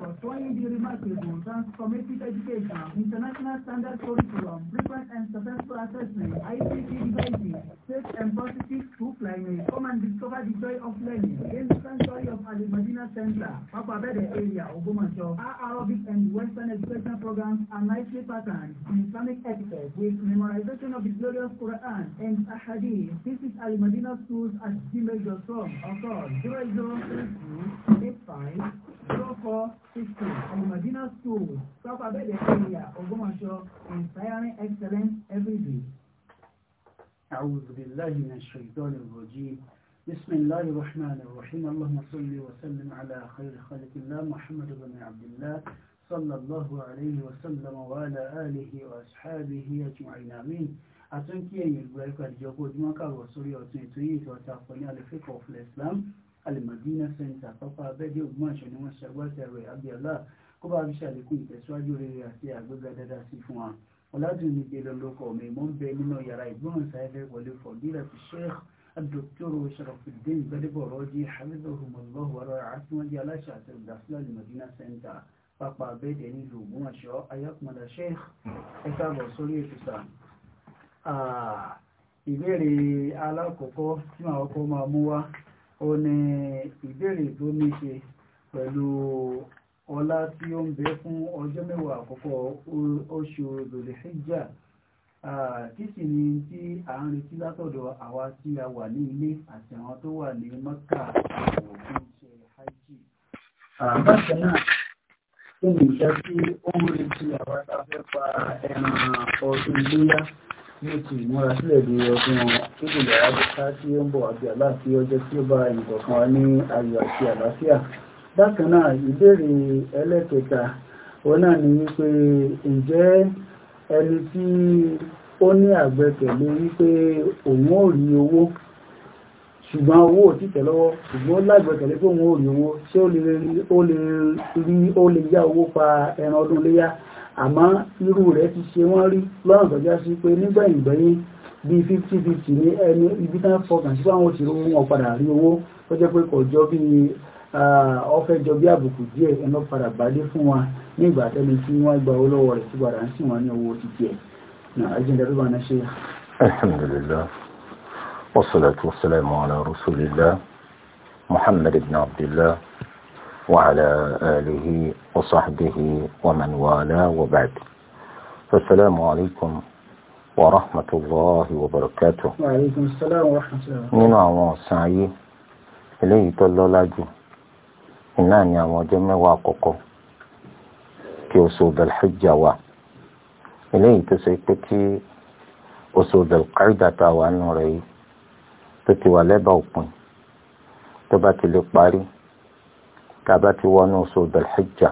For showing the remarkable transformative education, international standard curriculum, frequent and successful assessment, ICT devices, safe and positive school climate, come and discover the joy of learning in the sanctuary of Al Madina Center, Papa Bede area, Ogumacho. Our Arabic and Western education programs are nicely patterned in Islamic etiquette with memorization of the glorious Quran and Ahadith. This is Al Madina Schools at gmail.com or call 0032 85 04 system and Medina schools talk about the area of Gomasho inspiring excellence every day. أعوذ بالله من الشيطان الرجيم بسم الله الرحمن الرحيم اللهم صل وسلم على خير خلق الله محمد بن عبد الله صلى الله عليه وسلم وعلى آله وأصحابه أجمعين آمين أتنكي أن يلقى لك الجوكو دمك وصولي وتنتهي وتعفني على فقه الإسلام alimadina center pápá abẹ́dẹ́ ògbómọ̀ṣọ́ ni wọ́n ṣàgbọ́sẹ̀ rẹ̀ abiola kó bá fi ṣàlékún ìtẹ̀síwájú rere àti àgbéga dáadáa sí fún wa ọ̀làdùnmí gbélé lóko ọ̀mọ̀ ìmọ̀ ń bẹ nínú yàrá ìgbóhùnsáfẹ́ wọlé fọ̀dílà ti sheikh adókítọ́rò sharafudin gbadebo rọ́jí habibahumullahu wa rọ́ra tí wọ́n jẹ́ aláṣà àti olùdásílẹ̀ alimadina center pápá abẹ́dẹ́ nílùú ògbómọ̀ṣọ́ ayakumada sheikh ẹ káàbọ̀ sórí ètò ah, ìbéèrè alákọ̀ọ́kọ́ tí màá kọ́ máa mú wá ó ní ìbéèrè tó ní ṣe pẹ̀lú ọlá tí ó ń bẹ fún ọjọ́ mẹ́wàá àkọ́kọ́ oṣù Dhul-Hijjah kí sì ni tí à ń retí látọ̀dọ̀ àwa tí a wà ní ilé àti àwọn tó wà ní Mẹ́kà àwọn iṣẹ́ hajj. bákan náà kí ni ìṣẹ́ tí ó ń retí àwa tá a fẹ́ pa ẹran ọdún léyà tí ó ti múra sílẹ̀ di ọdún ìdùn àádọ́ta tí ó ń bọ̀ àbí aláàfí ọjọ́ tí ó bá ìkọ̀kan wa ní ayọ̀ àti àlàáfíà bákan náà ìbéèrè ẹlẹ́kẹta òun náà ni wípé ǹjẹ́ ẹni tí ó ní àgbẹ́kẹ̀lé wípé òun ò rí owó ṣùgbọ́n owó ò títẹ̀ lọ́wọ́ ṣùgbọ́n lágbẹ̀kẹ̀lé pé òun ò rí owó ṣé ó lè rí ó lè yá owó pa ẹran ọdún léyá àmọ́ irú rẹ̀ ti ṣe wọ́n rí lọ́nà tó já sí pé nígbẹ̀yìngbẹ̀yìn bí 50-50 ní ẹni ibi tán fọkàn sí fáwọn òṣèré owó wọn rí owó tó jẹ́ pé kò bí ọfẹ́ jọ bí àbùkù díẹ̀ ẹnà padà gbádé fún wa ní ìgbà tẹ́lẹ̀ tí wọ́n gba owó rẹ̀ muhammad ibn abdullah وعلى آله وصحبه ومن والاه وبعد فالسلام عليكم ورحمة الله وبركاته وعليكم السلام ورحمة الله nínú àwọn ọ̀sán ayé eléyìí tó lọ́lá jù iná ni àwọn ọjọ́ mẹ́wàá àkọ́kọ́ kí oṣù belhijja wà eléyìí tó ṣe pé kí oṣù belqaida ta wà nù rẹ̀ yìí tó ti wà lẹ́bàá òpin tó bá ti lè parí tàbá ti wọnú oṣù belhijja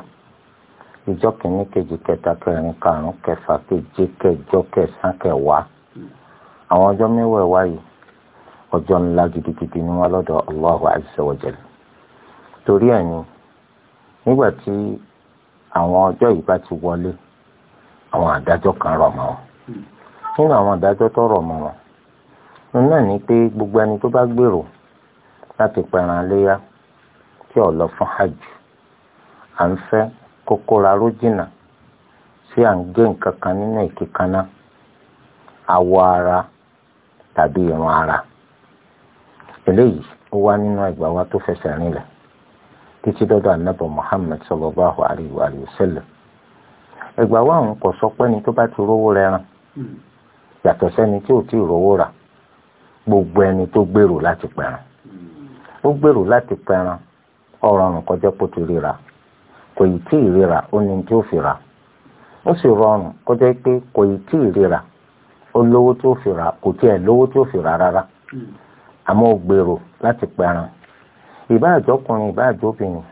ìjọ kìíní kejì kẹta kẹrin karùnún kẹfà keje kẹjọ kẹsàn kẹwàá àwọn ọjọ́ mẹ́wẹ̀ẹ̀wá yìí ọjọ́ ńlá gidigidi ni wọn lọ́dọ̀ Allahu azza wa jalla torí ẹ̀ ni nígbà tí àwọn ọjọ́ yìí bá ti wọlé àwọn àdájọ́ kan rọ̀ mọ́ wọn nínú àwọn àdájọ́ tó rọ̀ mọ́ wọn náà ni pé gbogbo ẹni tó bá gbèrò láti pẹran léyà tí ò lọ fún hajj à ń fẹ́ kókóra ró jìnnà tí à ń gé nǹkan kan nínú ìkíkaná awọ ara tàbí irun ara eléyìí ó wá nínú ẹgbàá wa tó fẹsẹ̀ rinlẹ̀ títí dọ́dọ̀ anábọ̀ ẹgbàá wa òun sọ pé tó bá tí ọ̀rọ̀ ọ̀rùn kọjá pò ti ríra kò yìí tí ì ríra ó ní tí ó fi rà ó sì rọrùn kọjá pé kò yìí tí ì ríra ó lówó tí ó fi rà kò tiẹ̀ lówó tí ó fi rà rárá àmọ́ ó gbèrò láti pẹran ìbá àjọkùnrin ìbá àjọbìnrin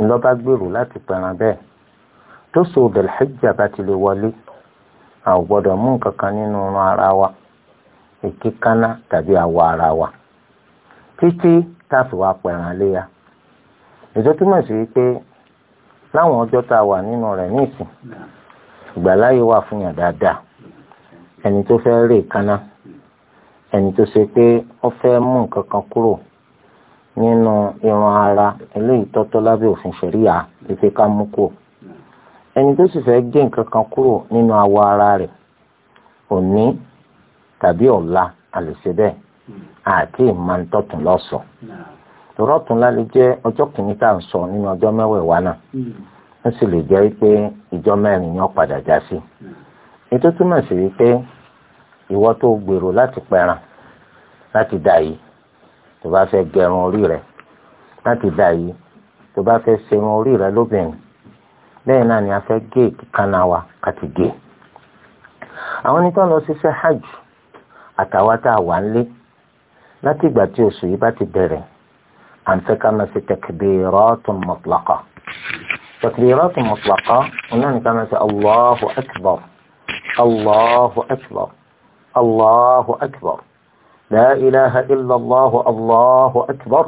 ńlọba gbèrò láti pẹran bẹ́ẹ̀ tó so bẹ̀lẹ́jà bá ti lè wọlé a ò gbọ́dọ̀ mú nǹkan kan nínú ọrùn ara wa èké tàbí awọ ara wa títí táfi wá pẹran léya ètò túmọ̀ sí wípé láwọn ọjọ́ tá a wà nínú rẹ̀ ní ìsìn ìgbàláyé wà fún yàn dáadáa ẹni tó fẹ́ rè kaná ẹni tó ṣe pé ó fẹ́ mú nǹkan kan kúrò nínú irun ara eléyìí tọ́tọ́ lábẹ́ òfin ṣẹ̀ríyà wípé ká mú kúrò ẹni tó sì fẹ́ gé nǹkan kan kúrò nínú awọ ara rẹ̀ òní tàbí ọ̀la àlèṣe àti ìmọ̀ lọ́sọ̀ọ́ tòrọ́ tún lálẹ́ jẹ́ ọjọ́ kìíní tá à ń sọ nínú ọjọ́ mẹ́wẹ̀ẹ̀wá náà ó sì lè jẹ́ pé ìjọ mẹ́rin ni ó padà já sí ètò túmọ̀ sí wípé ìwọ tó gbèrò láti pẹran láti dà yìí tó bá fẹ́ gẹrun orí rẹ láti dà yìí tó bá fẹ́ ṣerun orí rẹ lóbìnrin bẹ́ẹ̀ náà ni a fẹ́ gé ìkànnà wa àti gé àwọn onítọ́ lọ ṣiṣẹ́ hajj àtàwọn tá a wà ń lé láti ìgbà tí oṣù yìí bá ti bẹ̀rẹ̀ عن في تكبيرات مطلقة تكبيرات مطلقة هناك كما الله أكبر الله أكبر الله أكبر لا إله إلا الله الله أكبر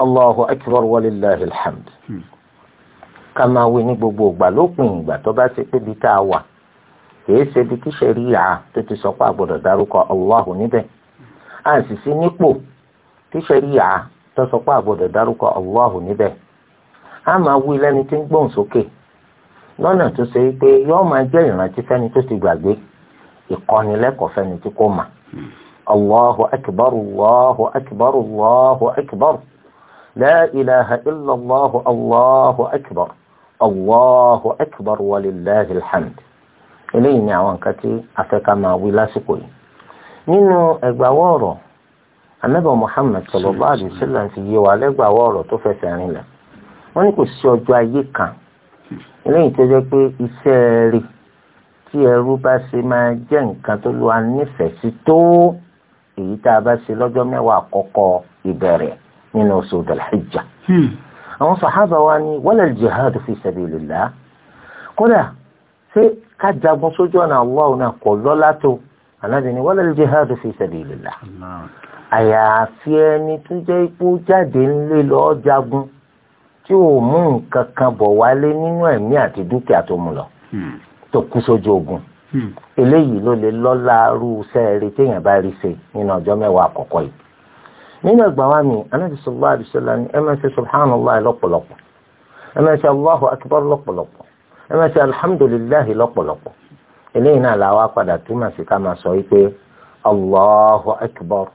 الله أكبر ولله الحمد كما ويني بوبو بالوك من باتوبا سيبي تاوا kìí ṣe bí kí ṣẹ̀ríà tó ti sọ pé àgbọ̀dọ̀ dárúkọ Allahu níbẹ̀ tó sọ pé àgbọ̀dọ̀ dárúkọ Allahu níbẹ̀ á máa wí lẹ́ni tí ń gbóhùn sókè lọ́nà tó ṣe pé yóò máa jẹ́ ìrántí fẹ́ni tó ti gbàgbé ìkọ́nilẹ́kọ̀ọ́ fẹ́ni tí kò mà Allahu akbar Allahu akbar Allahu akbar la ilaha illa Allah Allahu akbar Allahu anábà Muhammad sallallahu alaihi wasallam ti yé wa lẹ́gbàáwọ́ ọ̀rọ̀ tó fẹsẹ̀ rinlẹ̀ wọ́n ní kò sí ọjọ́ ayé kan eléyìí tó jẹ́ pé iṣẹ́ rẹ̀ tí ẹrú bá ṣe máa jẹ́ nǹkan tó lu anífẹ̀ẹ́ sí tó èyí tá a bá ṣe lọ́jọ́ mẹ́wàá àkọ́kọ́ ìbẹ̀rẹ̀ nínú oṣù dhul hmm. àwọn sàhábà wa ní wala jihad fi sabilillah kódà ṣé ká jagun sójú ọ̀nà Allah náà kò lọ́lá tó ànábì ní wala jihad fi sabilillah àyàfi ẹni tó jẹ́ ipò jáde ńlé lọ́ọ́ jagun tí ò mú nǹkan kan bọ̀ wálé nínú ẹ̀mí àti dúkìá tó mú lọ hmm. tó kú sójú ogun hmm. eléyìí ló lè lọ́la rú sẹ́ẹ̀rì téèyàn bá rí ṣe nínú ọjọ́ mẹ́wàá àkọ́kọ́ yìí nínú ẹgbà wa mi anábì sallallahu alaihi ni ẹ máa ṣe subhanallah lọ́pọ̀lọpọ̀ ẹ máa ṣe allahu akbar lọ́pọ̀lọpọ̀ ẹ máa ṣe alhamdulillahi lọ́pọ̀lọpọ̀ eléyìí náà làwa padà túmọ̀ sí ká máa sọ wípé allahu akbar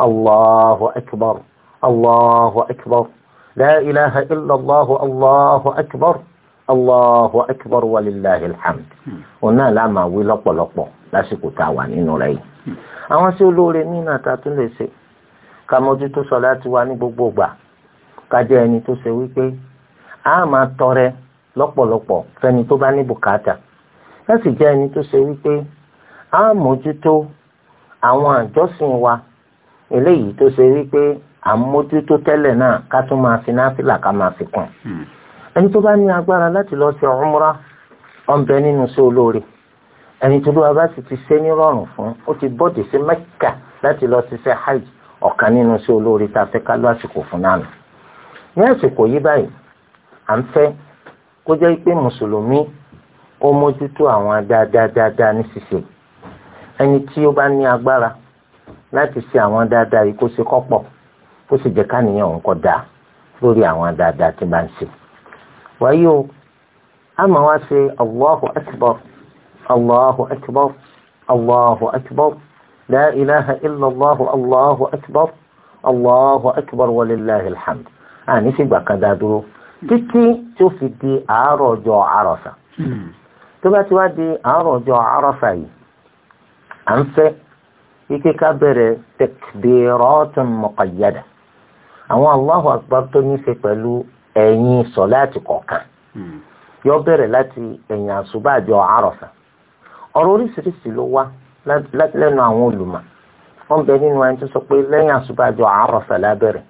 الله أكبر الله أكبر لا إله إلا الله الله أكبر الله أكبر ولله الحمد قلنا لا ما ولق ولق لا سكوتا وانين رأي àwọn sí olóore nínú àtàtún lè ṣe ká mójútó sọ̀láàtì wa ní gbogbo ìgbà ká jẹ́ ẹni tó ṣe wípé a máa tọrẹ lọ́pọ̀lọpọ̀ fẹ́ni tó bá ní bùkátà ká sì jẹ́ ẹni tó ṣe wípé a mójútó àwọn àjọsìn wa eléyìí tó ṣe wípé àmójútó tẹ́lẹ̀ náà ká tún máa fi náfìlà ká máa fi kàn. Hmm. ẹni tó bá ní agbára láti lọ sí ọmúra ọ̀nbẹ nínú sí olóore ẹni tó lóra bá sì ti ṣe ní rọrùn fún ó ti bọ́dì sí mẹ́kà láti lọ sí ṣe hajj ọ̀kan nínú sí olóore tá a fẹ́ ká lọ fún náà nù. ní àsìkò yìí báyìí à ń fẹ́ kó jẹ́ pé mùsùlùmí ó mójútó àwọn dáadáa dáadáa ní ṣíṣe ẹni tí ó bá ní agbára láti ṣe àwọn dáadáa yìí kó ṣe kọ́pọ̀ kó sì jẹ́ káníyàn òun kọ́ da lórí àwọn dáadáa tí bá ń ṣe. wáyé o a máa wá ṣe allahu akbar allahu akbar allahu akbar la ilaha illallah allahu akbar allahu akbar walillahi alhamd àní fìgbà kan dá dúró títí tó fi di àárọ̀ ọjọ́ àrọ̀sà tó bá ti wá di àárọ̀ ọjọ́ àrọ̀sà yìí à ń fẹ́ ike ká bẹ̀rẹ̀ takbiratun muqayyada àwọn Allahu akbar tó ní í ṣe pẹ̀lú ẹ̀yìn sọ̀láàtì kọ̀ọ̀kan hmm. yọ bẹ̀rẹ̀ láti ẹ̀yìn àṣùbàjọ àrọ̀fà ọ̀rọ̀ oríṣiríṣi ló wá lẹ́nu àwọn olùmọ̀ wọ́n bẹ nínú ẹni tó sọ pé lẹ́yìn àṣùbàjọ àrọ̀fà lábẹ̀rẹ̀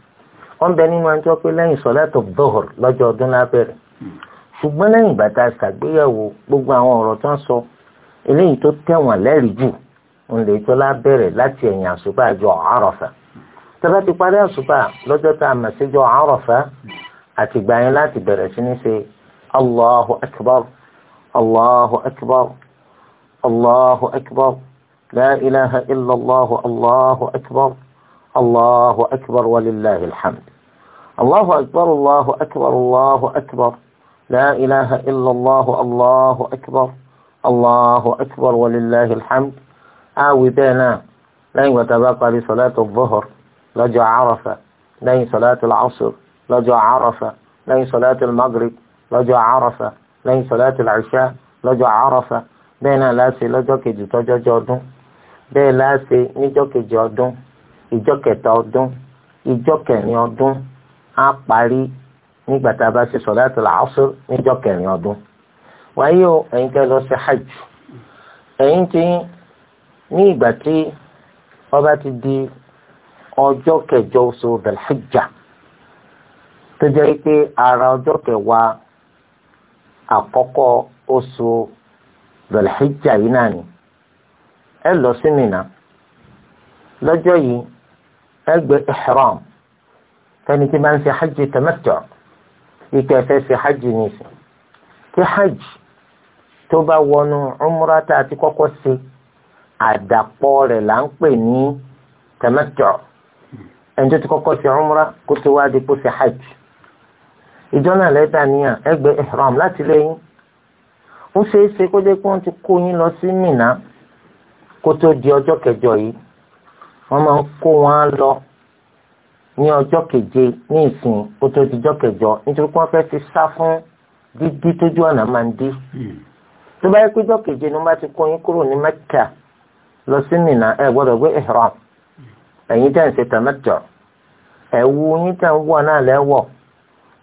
wọ́n bẹ nínú ẹni tó pé lẹ́yìn sọ̀láàtì dhuhr lọ́jọ́ ọdún lábẹ̀rẹ̀ hmm. ṣùgbọ́n lẹ́yìn ìgbà ṣàgbéyẹ̀wò gbogbo àwọn ọ̀rọ̀ tó ń sọ eléyìí tó tẹ̀wọ̀n lẹ́rìí jù ń lè tó lábẹ́rẹ̀ láti ẹ̀yìn àṣùpá àjọ àrọ̀fà tọ́ba ti parí àṣùpá lọ́jọ́ tá a mọ̀ síjọ àrọ̀fà gbà yín láti bẹ̀rẹ̀ sí ní ṣe allahu akbar allahu akbar allahu akbar la ilaha illallah allahu akbar allahu akbar walillahi alhamd allahu akbar allahu akbar allahu akbar la ilaha illallah allahu akbar allahu akbar walillahi alhamd. àwì bẹ́ẹ̀ náà lẹ́yìn ìgbà tá a bá parí sọ̀láàtù Dhuhr lọ́jọ́ Àrafa lẹ́yìn sọ̀láàtù Asr lọ́jọ́ Àrafa lẹ́yìn sọ̀láàtù Maghrib lọ́jọ́ Àrafa lẹ́yìn sọ̀láàtù Isha lọ́jọ́ Àrafa bẹ́ẹ̀ náà láṣe lọ́jọ́ kejì tọ́jọ́jọ́ ọdún bẹ́ẹ̀ láṣe níjọ́ kejì ọdún ìjọ́ kẹta ọdún ìjọ́ kẹrin ọdún á parí nígbà tá a bá ṣe sọ̀láàtù Asr níjọ́ kẹrin ọdún wáyé o ẹ̀yin kẹ́ lọ sí hajj ẹ̀yin ti ní ìgbà tí ọba ti di ọjọ́ kẹjọ oṣù Dhul-Hijjah tó jẹ́ pé ara ọjọ́ kẹwàá àkọ́kọ́ oṣù Dhul-Hijjah yìí náà ni ẹ lọ sí Mínà lọ́jọ́ yìí ẹ gbé ihram fẹ́ni tí máa ń ṣe hajj tamattu ike fẹ́ ṣe hajj nìsín kí hajj tó bá wọnú umrata àti kọ́kọ́ ṣe. àdàpọ̀ rẹ̀ là ń pè ní tamattu ẹni tí kọ́kọ́ ṣe kó tó wá di kó ṣe hajj ìjọ náà lẹ́tà níyàn ẹgbẹ́ láti lẹ́yìn ó ṣeé ṣe kó jẹ́ wọ́n ti kó yín lọ sí kó tó di ọjọ́ kẹjọ yìí wọ́n máa ń kó wọn lọ ní keje ní ìsìn kó di ọjọ́ kẹjọ nítorí pé wọ́n fẹ́ ti sá fún dídí tójú ọ̀nà máa ń dí hmm. tó bá yẹ keje ni wọ́n bá ti kó yín kúrò ní lọ sí Mínà ẹ gbọ́dọ̀ gbé ihram ẹ̀yin tẹ́ ń ṣe tamattu ẹ̀wù yín tẹ́ ń wọ̀ náà lẹ́wọ̀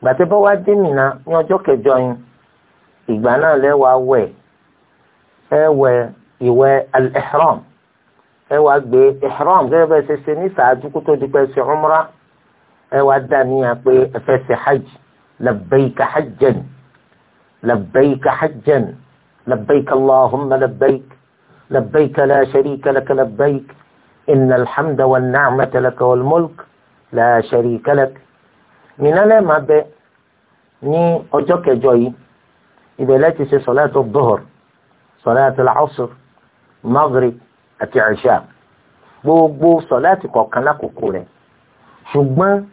gbàtẹ́ bá wá dé Mínà ní ọjọ́ kẹjọ yín ìgbà náà lẹ́wọ̀ awẹ̀ ẹ wẹ̀ ìwẹ̀ al-ihram ẹ wá gbé ihram gẹ́gẹ́ bẹ́ẹ̀ ṣe ṣe ní sàájú kó tó di pẹ́ ṣe umrah ẹ wá dá níyà pé ẹ fẹ́ ṣe hajj labbayka hajjan labbayka hajjan labbayka allahumma labbayka. لبيك لا شريك لك لبيك إن الحمد والنعمة لك والملك لا شريك لك من أنا ما ب ني أجوك جوي إذا لا تسي صلاة الظهر صلاة العصر مغرب أتعشاء بو بو صلاة قوكنا كوكولة شبما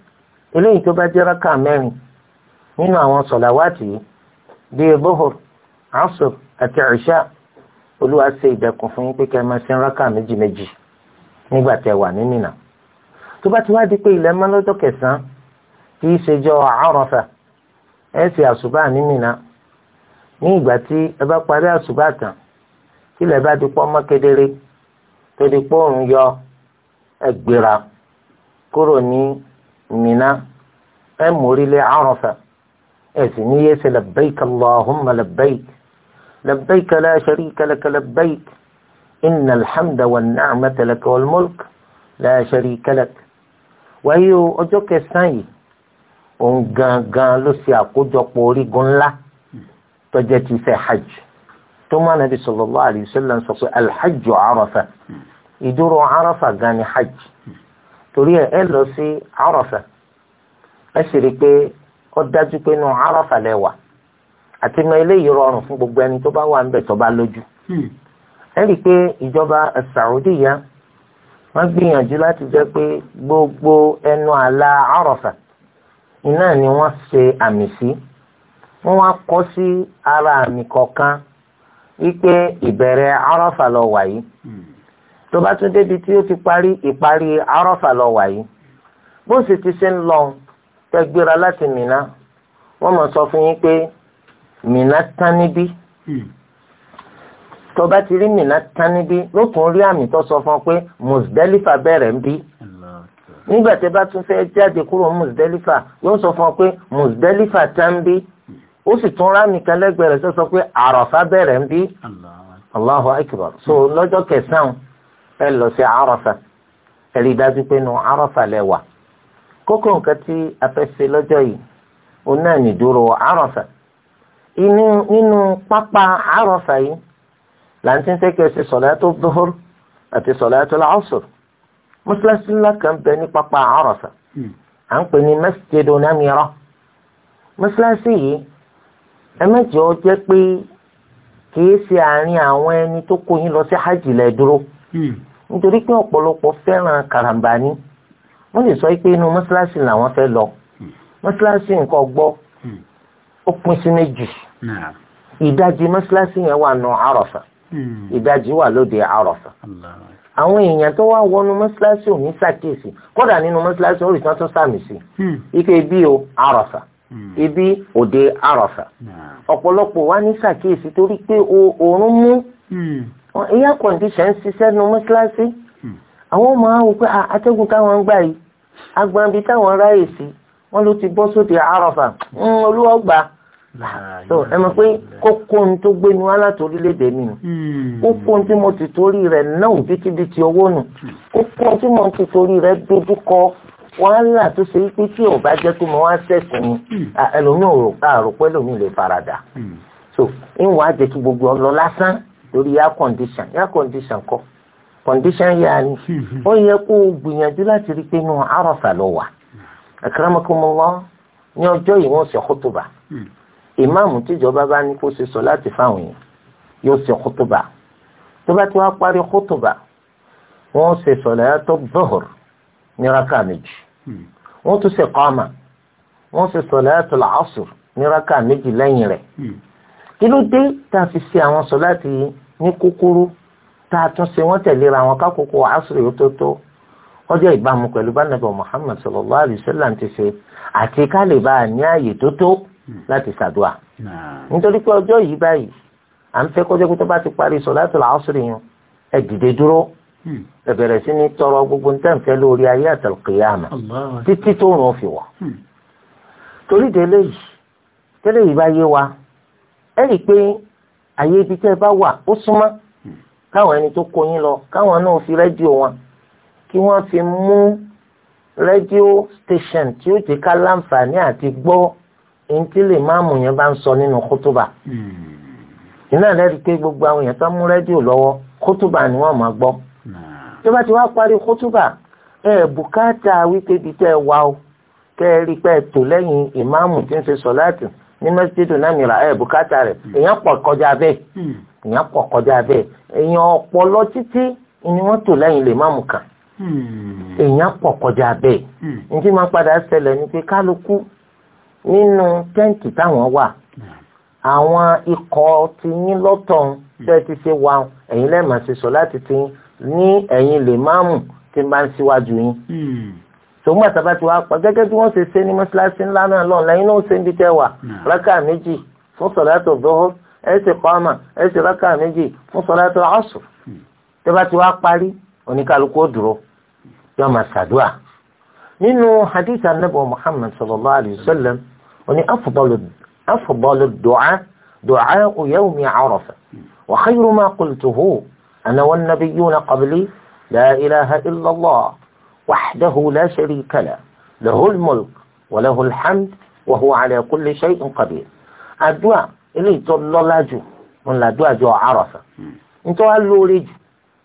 إلي تبا جركا مين من أول صلواتي دي ظهر عصر أتعشاء olúwa ṣe ìdẹ̀kùn fún yín pé kẹ́ ẹ máa ṣe rákà méjì méjì nígbà tẹ́ wà ní Mínà tó bá ti wá di pé ilẹ̀ mọ́ lọ́jọ́ kẹsàn-án kì í ṣe jọ Àrafà ẹ ṣe àṣùbà ní Mínà ní ìgbà tí ẹ bá parí àṣùbà tán tí ilẹ̀ bá di pọ́ mọ́ kedere tó di pọ́ òun yọ ẹ kúrò ní Mínà ẹ mórí lé Àrafà ẹ sì níyé ṣe labbaik Allahumma labbaik. لبيك لا شريك لك لبيك إن الحمد والنعمة لك والملك لا شريك لك wáyé ọjọ́ kẹsàn-án yìí òun gangan ló ṣe àkójọpọ̀ orígun ńlá tó jẹ́ ti iṣẹ́ hajj tó máa nàbí sallallahu alayhi wa sallam sọ pé alhajj arafa ìdúró arafa gan ni hajj torí ẹ ẹ lọ sí arafa ẹ sì rí i pé ó dájú pé inú arafa lẹ wà. No àti mọ eléyìí rọrùn fún gbogbo ẹni tó bá wà ń bẹ̀ tó bá lójú. Hmm. ẹ rí i pé ìjọba Saudi ya wọ́n gbìyànjú láti jẹ́ pé gbogbo ẹnu àlà Arafat iná ni wọ́n ṣe àmì sí wọ́n wá kọ́ sí ara àmì kọ̀ọ̀kan wípé ìbẹ̀rẹ̀ Arafa lọ wà yìí hmm. tó bá tún débi tí ó ti parí ìparí Arafa lọ wà yìí bó sì ti ṣe ń lọ tẹgbéra láti Mínà wọ́n mọ̀ sọ fún yín pé mìíràn tán níbí hmm. tó bá ti rí mìíràn tán níbí ló tún rí àmì tó sọ fún ọ pé Muzdalifa bẹ̀rẹ̀ ń bí nígbà tí bá tún fẹ́ jáde kúrò Muzdalifa yóò sọ fún ọ pé Muzdalifa tán bí ó sì tún rámì kan lẹ́gbẹ̀ẹ́ tó sọ pé Àràfá bẹ̀rẹ̀ ń bí Allahu Akbar so hmm. lọ́jọ́ kẹsàn-án ẹ lọ sí Àràfá ẹ rí dájú pé nu Àràfá lẹ wà kókó nǹkan tí a fẹ́ ṣe lọ́jọ́ yìí òun náà nìdúró Àràfá inú nínú pápá àárọ̀fà yìí láti ń tẹ́kẹ̀ sí sọ̀látù dhuhur àti sọ̀látù al-asr mọ́sálásí ńlá kan bẹ ní pápá àárọ̀fà hmm. à ń pè ní masjidu namira mọ́sálásí yìí ẹ̀mẹ́jọ jẹ́ pé kìí ṣe àárín àwọn ẹni tó kó yín lọ sí hajj lẹ̀ dúró hmm. nítorí pé ọ̀pọ̀lọpọ̀ fẹ́ràn karambani wọ́n lè sọ pé inú mọ́sálásí làwọn fẹ́ lọ hmm. mọ́sálásí nǹkan gbọ́ ó pín sí méjì ìdajì mọ́ṣáláṣí yẹn wà nù àròfà hmm. ìdajì wà lóde àròfà àwọn èèyàn tó wá wọnú mọ́ṣáláṣí ò ní ṣàkíyèsí kódà nínú mọ́ṣáláṣí ó rí tán tó sàmì sí hmm. ike bí o àròfà hmm. ibi òde àròfà ọ̀pọ̀lọpọ̀ wá ní ṣàkíyèsí torí pé oòrùn mú air condition ń ṣiṣẹ́ nu mọ́ṣáláṣí àwọn ọmọ àwọn pé ah, atẹ́gùn táwọn ń gbà yìí agbọ̀nbi táwọn ráyè sí wọ́n ló ti bọ́ sóde àròfà olúwọ́gbà. Ah, ah, so ẹ mọ̀ pé kókó ohun tó gbé ni wá láti orílẹ̀-èdè mi nù hmm. kókó ohun tí mo ti torí rẹ̀ náà bítíbitì owó nù hmm. kókó ohun tí mo ti torí rẹ̀ dojú kọ wàhálà tó ṣe wípé tí ò bá jẹ́ pé mo wá sẹ̀sìn ni hmm. ẹlòmíì ò rò pé ẹlòmíì lè faradà so ìwọ̀n á jẹ́ kí gbogbo ọ lásán lórí air condition air condition kọ́ condition yà ni ó yẹ kó o gbìyànjú láti rí pé inú àròsà lọ wà akramakumullah ní ọjọ́ yìí wọ́n ṣe khutuba ìmáàmù tíjọba bá ní kó ṣe sọ láti fáwọn èèyàn yóò ṣe kótóbà tó bá ti wá parí kótóbà wọ́n ṣe sọ̀látọ̀ zuhur ní rákà méjì hmm. wọ́n tún ṣe kọ́ọ̀mà wọ́n ṣe sọ̀látọ̀ asr ní rákà méjì lẹ́yìn rẹ̀ hmm. kí ló dé tá a fi ṣe àwọn sọ̀láàtì yìí ní kúkúrú tá a tún ṣe wọ́n tẹ̀léra àwọn kákòókò asr yóò tó tó ọjọ́ ìbámu pẹ̀lú bá nàbẹ̀ Muhammad sallallahu alaihi wasallam ti ṣe àti ká lè bá a ní ààyè tó tó láti ṣàdúà nítorí pé ọjọ́ yìí báyìí à ń fẹ́ kọjá pé tó bá ti parí sọ̀látul Asri yẹn ẹ dìde dúró hmm. ẹ bẹ̀rẹ̀ sí ní tọrọ gbogbo ní tẹ̀ǹfẹ́ lórí ayé àtàlùkìyàmà títí tó rùn fi wọ̀ hmm. torí délé yìí délé yìí bá yé wa ẹ rí i pé àyè ibi tẹ́ ẹ bá wà ó súnmọ́ hmm. káwọn ẹni tó kó yín lọ káwọn náà fi rédíò wọn kí wọ́n fi mú rédíò station tí ó ti ká láǹfààní àti gbọ́ ohun tí lè máàmù yẹn bá ń sọ nínú kótóbà hmm. iná lẹ́rìí pé gbogbo àwọn èèyàn tó mú rédíò lọ́wọ́ kótóbà ni wọ́n máa gbọ́ hmm. tó bá ti wá parí kótóbà ẹ bùkátà wípé bíi tẹ́ ẹ wá o kẹ́ ẹ rí pé ẹ tò lẹ́yìn ìmáàmù tí ń ṣe sọ̀láàtì ní mẹ́sídẹ̀ẹ́dù náà mìíràn ẹ bùkátà rẹ̀ hmm. èèyàn pọ̀ kọjá bẹ́ẹ̀ èèyàn pọ̀ kọjá bẹ́ẹ̀ èèyàn ọpọlọ títí ni wọ́n tò lẹ́yìn lè kan èèyàn pọ̀ kọjá bẹ́ẹ̀ ní tí máa padà ṣẹlẹ̀ ni pé kálukú nínú tẹ́ǹtì táwọn wà àwọn ikọ̀ ti yín lọ́tọ̀ tẹ́ ti ṣe wa ẹ̀yin lẹ́ẹ̀mà ṣe sọ láti ti ní ẹ̀yin lè máàmù tí bá ń síwájú yín tòun bàtà bá ti wá pa gẹ́gẹ́ bí wọ́n ṣe ṣe ní mọ́ṣáláṣí ńlá náà lọ́n lẹ́yìn náà ṣe ń bí tẹ́wà hmm. rákà méjì fún sọ̀látò dọ́họ́ ẹ ṣe kọ́mà ẹ ṣe rákà méjì fún sọ̀látò ọ̀sùn hmm. tẹ́ منه حديث عن النبي محمد صلى الله عليه وسلم أن أفضل أفضل الدعاء دعاء يوم عرفة وخير ما قلته أنا والنبيون قبلي لا إله إلا الله وحده لا شريك له له الملك وله الحمد وهو على كل شيء قدير الدعاء إليه تلولاجو من الدعاء جو عرفة انتو قالوا لي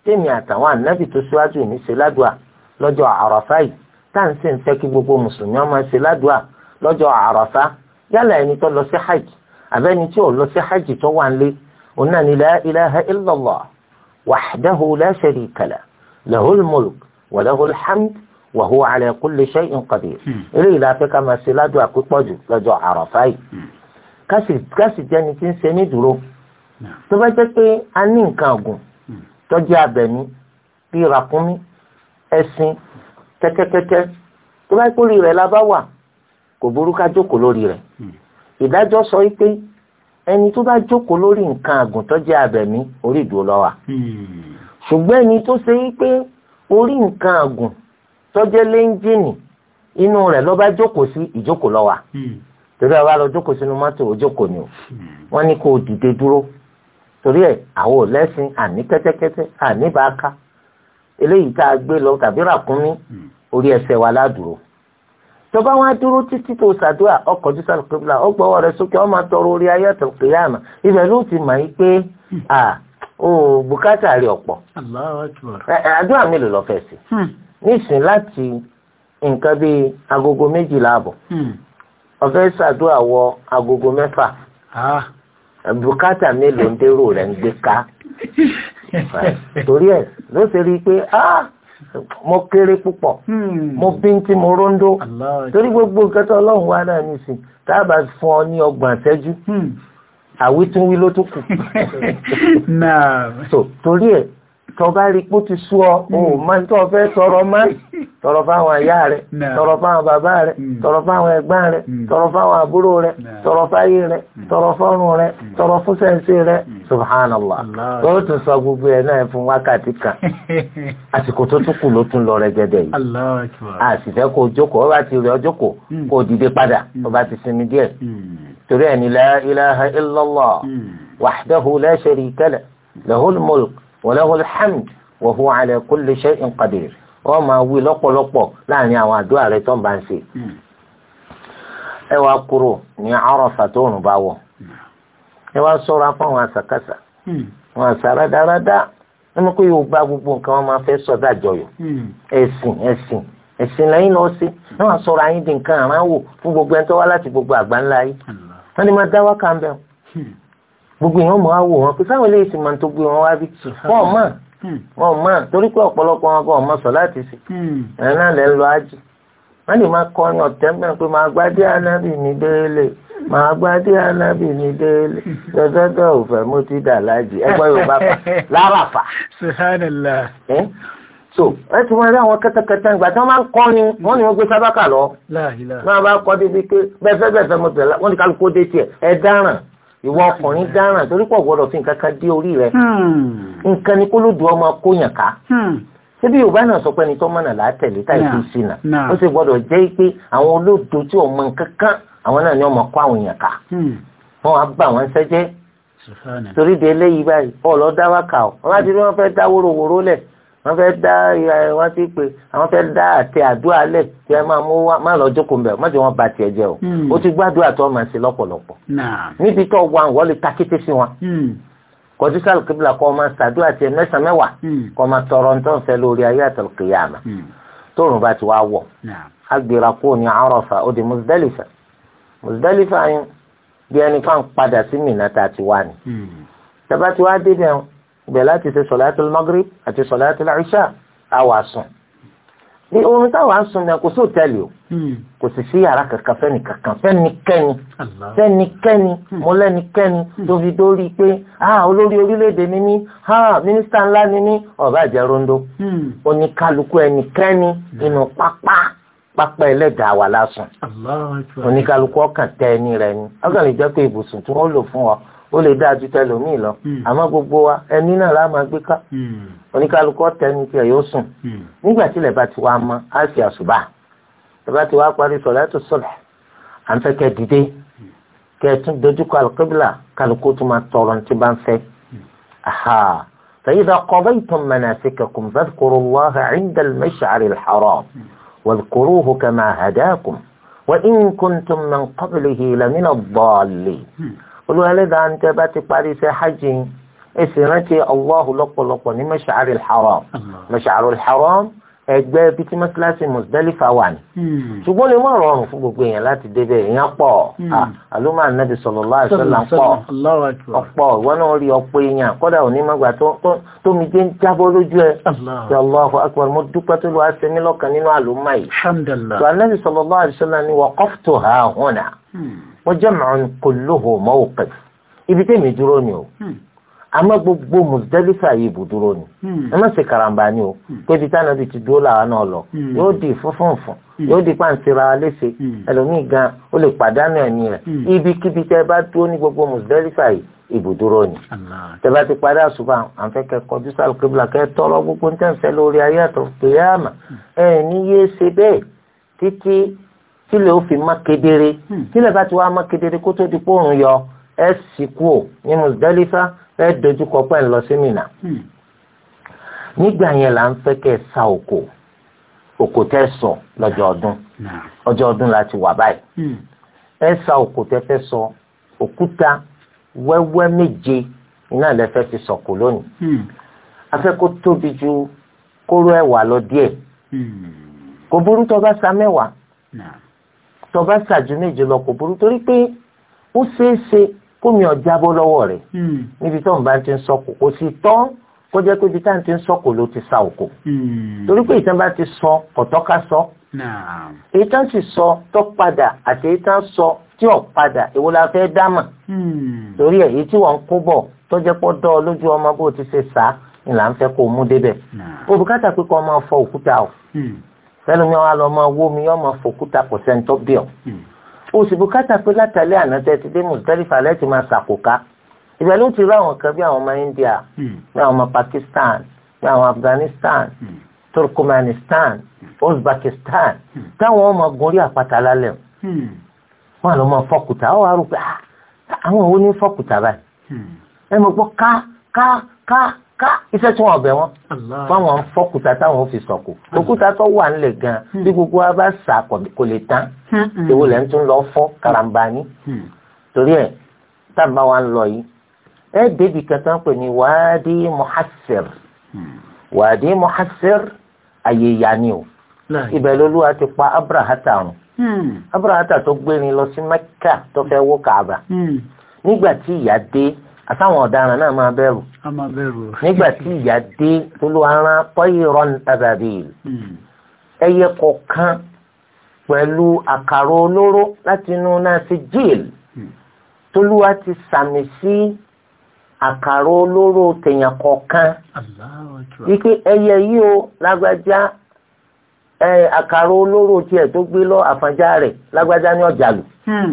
تيمي أتوان نبي تسواجو نسي الدعاء لجو عرفة táǹsì ń fẹ́ kí gbogbo mùsùlùmí ọmọ ṣe ládùúà lọ́jọ́ àràfá yálà ẹni tó lọ sí hajj àbẹ́ni tí ò lọ sí hajj tó wà ń lé òun náà ni la ilaha illallah wahdahu la sharika lah lahul mulk wa lahul hamd wa huwa ala kulli shay'in qadir hmm. eléyìí la fẹ́ ká máa ṣe ládùúà púpọ̀ jù lọ́jọ́ àràfá yìí hmm. kásì jẹ́ni tí ń ṣe ní dúró hmm. tó bá jẹ́ pé a ní nǹkan ọ̀gùn tọ́jú abẹ̀mí bíi ràkúnmí ẹṣin kẹ́kẹ́kẹ́kẹ́ tó bá kórìí rẹ̀ la bá wà kò burú ká jókòó lórí rẹ̀ hmm. ìdájọ́ sọ pé ẹni tó bá jókòó lórí nǹkan àgùntàn jẹ́ abẹ̀mí orí ìdúró ló wà hmm. ṣùgbọ́n ẹni tó ṣe pé orí nǹkan àgùn tó jẹ́ lẹ́ńjìnì inú rẹ̀ ló bá jókòó sí ìjókòó ló wà hmm. torí àwa lọ jókòó sínú mọ́tò òjókòó ni o wọ́n ní kó dìde dúró torí ẹ̀ àwọn ò lẹ́sìn àní kẹ́tẹ́kẹ́tẹ́ àní bàákà eléyìí tá a gbé lọ tàbí ràkúnmí orí ẹsẹ̀ wa ládùúró tó bá wá dúró títí tó sàdúrà ọkọ̀ jù sàlùkébìlà ó gbọ́wọ́ rẹ̀ sókè ọmọ tọrọ orí ayé àtàlùkèyàmà ibẹ̀ ló ti mà yí pé à ó bùkátà rí ọ̀pọ̀ àdúrà mélòó lọ fẹ́ sí hmm. nísìn láti nǹkan bíi agogo méjìlá àbọ̀ ọ̀fẹ́ hmm. sàdúrà wọ agogo mẹ́fà bùkátà mélòó ń dérò rẹ̀ ń gbé ká torí ẹ̀ ló ṣe rí i pé ah mo kéré púpọ̀ hmm. mo bíntín mo róńdó torí gbogbo nǹkan tó ọlọ́run wá náà nìsín tábà fún ọ ní ọgbọ̀n àtẹ́jú hmm. àwítúnwí ló tó kù. torí ẹ̀ tọba rí pó ti sú ọ o máa ń tọ́ fẹ́ tọrọ máa tọrọ fáwọn ìyá rẹ tọrọ fáwọn bàbá rẹ hmm. tọrọ fáwọn ẹ̀gbọ́n rẹ hmm. tọrọ fáwọn àbúrò rẹ tọrọ fáyé rẹ hmm. tọrọ fọ́run rẹ tọrọ fúnṣẹ́ǹsì rẹ subhanallah ló tún sọ gbogbo ẹ̀ náà fún wákàtí kan àsìkò tó tún kù ló tún lọ rẹ́gẹ́dẹ́ yìí àsìfẹ́ kò jókòó ọba ti rẹ̀ ọjọ́kò kò dìde padà ọba ti sinmi díẹ̀ torí ẹ̀ ní la ilaha illallah wahdahu la sharika lahu lahul mulk walahu alhamd wa huwa ala kulli shay'in qadir wọ́n máa wí lọ́pọ̀lọpọ̀ láàrin àwọn àdúrà rẹ̀ tó ń bá ń ṣe. ẹ wá kúrò ní Àrafà tó rùn bá wọ̀ ẹ wá sọ́ra fún àwọn àṣàkáṣà wọn àṣà rádaràdá ẹni pé yóò bá gbogbo nǹkan wọn máa fẹ́ sọ́dà jọyọ̀ ẹ̀sìn ẹ̀sìn ẹ̀sìn lẹ́yìn lọ sí ẹ wá sọ́ra yín di nǹkan àránwò fún gbogbo ẹni wá láti gbogbo àgbáńlá yìí wọ́n ní máa dá wákà ń gbogbo èèyàn mọ̀ á wò wọn pé sáwọn eléyìí ti máa ń tó gbé wọn wá bí hmm. wọn ò mọ̀ hmm. wọn ò mọ̀ torí pé ọ̀pọ̀lọpọ̀ wọn kò mọ̀ sọ láti sè hmm. ẹ̀rín náà lẹ́ ń lọ ájì wọ́n lè máa kọrin ọ̀tẹ́ mẹ́rin pé máa gbádé anábì ní délé máa gbádé anábì ní délé dọ́dọ́dọ́ òfẹ́ mo ti dà lájì ẹgbẹ́ yorùbá láràfà. so ẹ ti wọn rí àwọn kẹtẹkẹtẹ ìgbà tí wọn máa ń kọrin wọn ni wọn gbé sábàkà lọ náà bá kọ débi pé bẹfẹ bẹfẹ mo tẹ wọn ni kálukú dé tiẹ ẹ dáràn ìwọ ọkùnrin dáràn torí pọ̀ gbọ́dọ̀ fi nǹkan kan dé orí rẹ̀ hmm. nǹkan ni kólódù ọmọ kóyàn ká síbi hmm. yorùbá náà sọ pé ẹni tó mọ̀nà látẹ̀lé táì tó ṣìnà ó sì gbọ́dọ̀ jẹ́ pé àwọn olódo tí ọmọ nǹkan kan àwọn náà ni ọmọ kó àwọn èèyàn ká hmm. wọn á bá wọn sẹ́jẹ́ torí de eléyìí báyìí ọ̀lọ́ dáwà kà ọ́ wọn á ti rí wọn fẹ́ dáwóró wòró lẹ̀ wọ́n fẹ́ dá wọ́n ti pè àwọn fẹ́ dá àti àdúrà lẹ̀ tí ẹ máa mú wá má lọ jókòó mbẹ̀ má ti wọ́n ba tiẹ̀ jẹ́ o hmm. ó ti gbádùn àtọ́ máa ṣe lọ́pọ̀lọpọ̀ níbi tó wà wọ́n lè takété sí wọn hmm. kọjú sálùkìbìlà kọ́ máa ṣàdúrà tiẹ̀ mẹ́sàn-án mẹ́wàá hmm. kọ́ máa tọrọ ń tán fẹ́ lórí ayé àtàlùkìyàmà tóòrùn bá ti wá wọ̀ agbèrà kúrò ní Àràfà ó di Muzdalifa ibẹ̀ láti ṣe sọ̀láàtì magrib àti sọ̀láàtì ìṣà àwà sùn ní oorun táwa ń sùn náà kò sí òtẹ́ẹ̀lì o hmm. kò sì sí yàrá kankan fẹ́nìkankan fẹ́nìkẹ́ni fẹ́nìkẹ́ni hmm. mọ́lẹ́nìkẹ́ni hmm. tó fi dórí pé olórí orílẹ̀-èdè ni mí mínísítà ńlá ni mí ọ̀bá àjẹ́ rondo oníkálukú ẹnikẹ́ni inú pápá pápá ẹlẹ́dàá wà lásùn oníkálukú ọkàn tẹ ẹni rẹ ni ọkàn lè jẹ́ pé ibùsùn tí wọ́n lò fún ọ ó lè dáa ju tẹlòmíì lọ hmm. àmọ́ gbogbo wa ẹni náà la máa gbé ká hmm. oníkálukú tẹnu tiẹ̀ yóò sùn hmm. nígbà tí ilẹ̀ bá ti wá mọ́ á sì àṣùbà ilẹ̀ bá ti wá parí sọ̀látù sọ̀lẹ̀ à ń fẹ́ kẹ́ dìde kẹ́ tún dojúkọ alùkébìlà kálukú tún máa tọrọ tí bá ń fẹ́. فإذا قضيتم مناسككم فاذكروا الله عند المشعر الحرام واذكروه كما هداكم وإن كنتم من قبله لمن الضالين olúwa ẹlẹ́dàá ní tẹ́ bá ti parí iṣẹ́ hajj ẹ sì rántí Allahu lọ́pọ̀lọpọ̀ ní mash'aril haram mash'aril haram ẹgbẹ́ bíi tí mọ́sálásí Muzdalifa wà ní. Hmm. ṣùgbọ́n lè má rọrùn fún gbogbo èèyàn láti débẹ̀ èèyàn pọ̀ hmm. ah, àlùmọ́ ànábì sallallahu alaihi wasallam pọ̀ ọ̀pọ̀ ìwọ náà rí ọ̀pọ̀ èèyàn kọ́dà òní mọ́gbà tó mi jẹ́ ń jábọ́ lójú ẹ̀ ṣe Allahu akbar mo dúpẹ́ tó lọ á ṣe mí lọ́kàn nínú àlùmọ́ yìí. tó ànábì sallallahu alaihi wasallam ni waqaftuha huna hmm. wa àmọ́ gbogbo Muzdalifa yìí ibùdúró ni hmm. ẹ má ṣe karamba ni o hmm. pé ibi táwọn ti ti dúró làwọn náà lọ hmm. yóò di fúnfúnfún yóò di pàǹsẹ̀ra wa léṣe ẹlòmíì gan ó lè pàdánù ẹ̀mí rẹ̀ ibikíbi tẹ́ bá dúró ní gbogbo Muzdalifa yìí ibùdúró ni tẹ́ bá ti parí àṣùbà à ń fẹ́ kẹ́ kọjú sálù kébìlà kẹ́ tọ́lọ́ gbogbo ń tẹ̀sẹ̀ lórí ayé àtọ̀ kéyàmà ẹ̀ ní yéé ṣe bẹ́ẹ̀ títí tílẹ̀ ó fi má kedere tílẹ̀ bá ti wá má kedere kó tó di pòrùn yọ ẹ sì kú ò ní Muzdalifa ẹ dojúkọ pẹ́ ń lọ sí Mínà. Hmm. nígbà yẹn là ń fẹ́ kẹ́ ẹ sa òkò òkò tẹ́ sọ lọ́jọ́ ọdún ọdún la ti wà báyìí. Hmm. ẹ sa òkò tẹ́ sọ òkúta wẹ́wẹ́ méje iná lẹ lónìí. Hmm. kó tóbi ju kóró lọ díẹ̀ kò burú sa mewa. Toba sa ju méje lọ kò burú torí pé ó ṣeé ṣe. kómi ọ̀jábọ́ lọ́wọ́ rẹ̀ hmm. níbi tó ń bá ti ń sọkò kò sì tọ́ kó jẹ́ pé ibi tá à ń ti ń sọkò ló ti sa òkò hmm. torí pé ìtàn bá ti sọ kọ̀tọ́ká sọ èyí tán sì sọ tó padà àti èyí tán sọ tí ò padà èwo la fẹ́ dámà hmm. torí ẹ̀ èyí tí wọ́n ń kó bọ̀ tó jẹ́ pọ́ dọ́ lójú ọmọ bó ti ṣe sá ni là ń fẹ́ kó mú débẹ̀ òbúkátà pé kó máa fọ òkúta o fẹ́lómi wọn á lọ máa wó mi yọ fọ òkúta kò sẹ́ńtọ́ bí ọ oṣù bùkátà pé látàlẹ́ àná tẹ́ ti dé mùsùlùmí alẹ́ ti máa ṣàkóká ìgbà ti rú àwọn kan bí àwọn ọmọ India hmm. bí àwọn ọmọ Pakistan bí àwọn Afghanistan hmm. Turkmenistan hmm. Uzbekistan táwọn ọmọ gorí àpáta lálẹ́ wọn lọ mọ fọkùtà ọ wà rú pé ah, àwọn òun ní fọkùtà báyìí ẹ mọ̀ gbọ́ ká ká ká iṣẹ́ tí wọ́n bẹ̀ wọ́n fáwọn fọ́kùtà táwọn fi sọ̀kù òkúta tó wà ńlẹ̀ gan hmm. bí gbogbo wa bá sà kò lè tán ìwò hmm, hmm. lẹ́ ń tún lọ fọ́ karambani torí ẹ̀ tábà wa ń lọ yìí ẹ débi kẹta ń pè ní wàádìí muhassir wàádìí muhassir àyè ìyá o ibẹ̀ lolúwa ti pa abrahata rùn abrahata tó gbérin lọ sí mẹ́kà tó fẹ́ wó kààbà nígbà tí ìyá dé àtàwọn ọ̀daràn náà máa bẹ̀rù. a máa bẹ̀rù. nígbà tí ìyá dé tolúwarán tọ́yìrán ababil ẹyẹ kọ̀ọ̀kan pẹ̀lú àkàrà olóró láti inú náà sí jíìlì tolúwa ti sàmì sí àkàrà olóró tèèyàn kọ̀ọ̀kan wípé ẹyẹ yìí o lágbájá àkàrà olóró tiẹ̀ tó gbé lọ àfàjá rẹ̀ lágbájá ní ọ̀jàlù. Hmm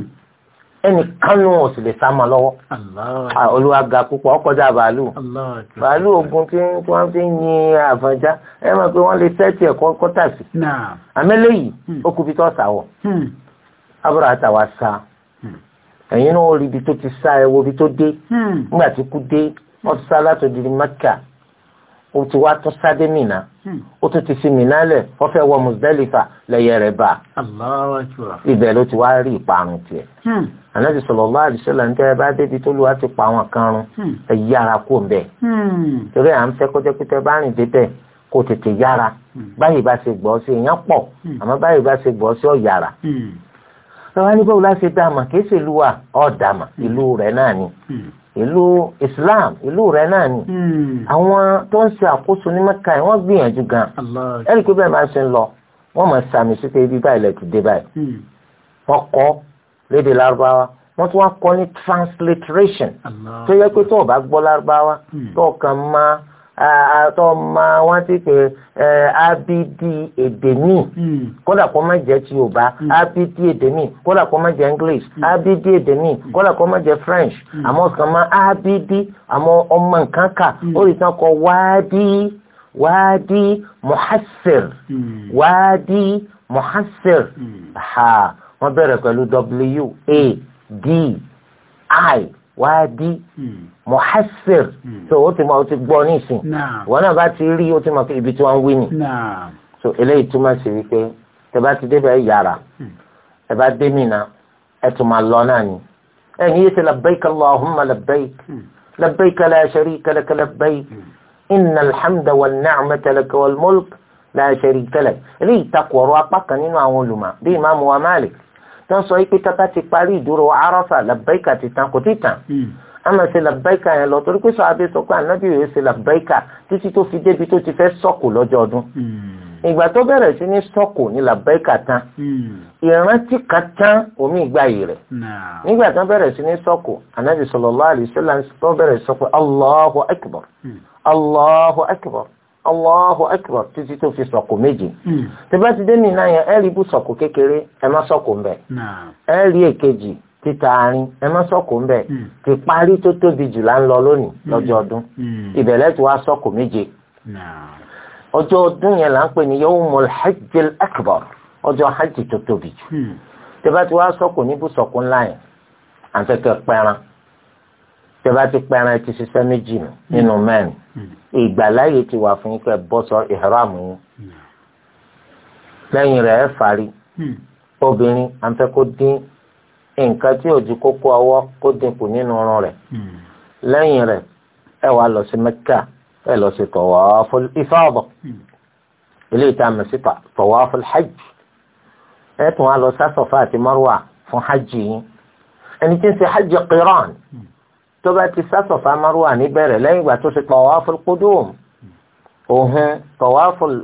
ẹnì kánú ò sì lè sá ma lọ́wọ́ olúwa ga púpọ̀ ọkọjá bàálù bàálù ogun tí wọ́n fi ń yin àfọ̀njá ẹ mọ̀ pé wọ́n lè sẹ́ẹ̀tì ẹ̀kọ́ kọ́tà sí àmẹ́lẹ́yìí hmm. ó kú fi tọ́ sàwọ̀ abúrò hmm. àtàwà sa hmm. ẹ̀yin náà ó rí ibi tó ti sá ẹ wo ibi tó dé nígbà tí kú dé wọ́n sá látòdì Mẹ́kà o ti wá tún sáde mìíràn o hmm. tún ti fi mìíràn lẹ̀ wọ́n fẹ́ wọ Muzdalifa lẹ́yẹ rẹ̀ bá ibẹ̀ ló ti wá rí ìparun tiẹ̀ hmm. Ànábì sallallahu alaihi wasallam ń tẹ́ bá débi tó lù wá ti pa àwọn kan run hmm. ẹ yára kó ń bẹ̀ torí à ń fẹ́ kọjá pé bá rìn débẹ̀ kó tètè yára báyìí bá ṣe gbọ́ sí èèyàn pọ̀ àmọ́ báyìí bá ṣe gbọ́ sí ọ̀ yára lọ́wọ́ ní báwo láṣẹ dàmà kì í ṣèlú wa ọ̀ dàmà ìlú rẹ̀ náà ni ìlú Islam ìlú rẹ̀ náà ni hmm. àwọn tó ń ṣe àkóso ní Mẹ́kà yìí wọ́n gbìyànjú gan ẹ̀rí pé bẹ́ẹ̀ máa ṣe ń lọ wọ́n máa sàmì sí pé ibi báyìí lẹ̀ ti dé báyìí hmm. wọ́n kọ́ lédè lárúbáwá wọ́n tún wá kọ́ ní transliteration tó yẹ pé tó o bá gbọ́ lárúbáwá hmm. tó o kàn máa àtọ́ ma wọ́n ti pè abidi èdè míì hmm. kódà kó má jẹ́ ti yorùbá hmm. abidi èdè míì kódà kó má jẹ́ english hmm. abidi èdè míì kódà kó má jẹ́ french àmọ́ kan má abidi àmọ́ ọmọ nǹkan kà ó lè sàn kọ wáádí wáádí muhassir wáádí muhassir ha wọ́n bẹ̀rẹ̀ pẹ̀lú w a d i wáádí muhassir hmm. so ó ti mọ ó ti gbọ́ nísìn wọn náà bá ti rí ó ti mọ pé ibi tí wọ́n ń wí ni so eléyìí túmọ̀ sí wípé tẹ́ bá ti débẹ̀ yàrá hmm. ẹ bá dé Mínà ẹ tún máa lọ náà ni ẹ̀yin yìí ti labbaik allahumma labbaik hmm. labbaik la sharika laka labbaik inna alhamda wal ni'mata laka wal mulk la sharika lak eléyìí takò ọ̀rọ̀ apá kan nínú àwọn olùmọ̀ bí ìmáàmù wa Malik tó ń sọ pé tá ti parí ìdúró Arafa labbaik àti tán kò tí tán ama máa ṣe làbáìkà yẹn lọ torí pé sọ́hábí sọ pé ànábì yóò ṣe làbáìkà títí tó fi débi tó ti fẹ́ sọ̀kò lọ́jọ́ ọdún hmm. ìgbà tó bẹ̀rẹ̀ sí ní sọ̀kò ní làbáìkà tán hmm. ìrántí kan tán omi ìgbà rẹ̀ nígbà tó bẹ̀rẹ̀ sí ní sọ̀kò ànábì sallallahu alaihi wasallam tó bẹ̀rẹ̀ sọ pé Allahu akbar hmm. Allahu akbar Allahu akbar títí tó fi sọ̀kò méje. Tí bá ti dé nìyẹn ẹ rí ibú sọ̀kò kékeré ẹ má sọ̀kò mbẹ̀. Ẹ rí èkejì títa arin ẹ má sọ̀kò ń bẹ̀ hmm. ti parí tó tóbi jù lá ń lọ lónìí hmm. lọ́jọ́ ọdún hmm. ìbẹ̀lẹ̀ tí wàá sọ̀kò méje ọjọ́ ọdún yẹn là ń pè ní yawmul hajjil akbar ọjọ́ hajj tó tóbi jù tẹ́bá ti wàá sọ̀kò ní bùsọ̀kò ńlá yẹn àǹtẹ̀kẹ̀ pẹran tẹ́bá ti pẹran ti ṣiṣẹ́ méjì nínú mẹ́rin ìgbàláyè ti wà fún kẹ́ bọ́sọ ìhram yín lẹ́yìn rẹ̀ ẹ̀ fárí obìnrin àǹtẹ̀kọ́ dín nǹkan tí ò ju kókó ọwọ́ kó dínkù nínú ọrùn rẹ̀ hmm. lẹ́yìn rẹ̀ ẹ wàá lọ sí mẹ́kà ẹ lọ sí tawaful ifada ilé hmm. ìtààmì síta tawaful hajj ẹ tún wá lọ sí Safa àti Marwa fún hajj yín ẹni tí ń ṣe hajj qiran hmm. tó bá ti sí Safa níbẹ̀rẹ̀ lẹ́yìn ìgbà tó ṣe tawaful qudum òhun tawaful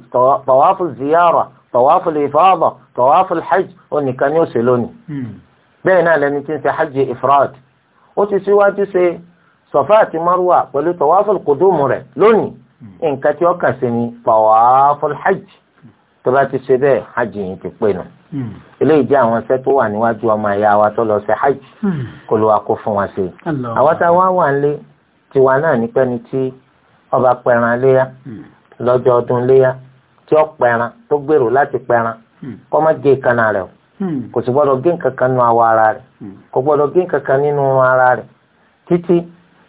tawaful ziyara tawaful ifada tawaful hajj ó nìkan ni ó ṣe lónìí bẹ́ẹ̀ náà lẹni tí ń ṣe hajj ifrad ó ti síwájú ṣe sọ̀fà àti marwa pẹ̀lú tawaful kudum rẹ̀ lónìí nǹkan tí ó kàn sí ni tawaful hajj tó bá ti ṣe bẹ́ẹ̀ hajj yìí ti pé nù hmm. eléyìí jẹ́ àwọn iṣẹ́ tó wà níwájú ọmọ ẹ̀yà wa tó lọ ṣe hajj hmm. kó ló wa kó fún wa ṣe àwọn táwa wà lé tiwa náà ní pẹ́ni tí ọba pẹran léyà hmm. lọ́jọ́ ọdún léyà tí ó pẹran tó gbèrò láti pẹran kó má gé ìkànnà rẹ̀ o Hmm. kò sì gbọ́dọ̀ gé nǹkan kan nínú awọ ara rẹ̀ hmm. kò gbọ́dọ̀ gé nǹkan kan nínú ara rẹ̀ títí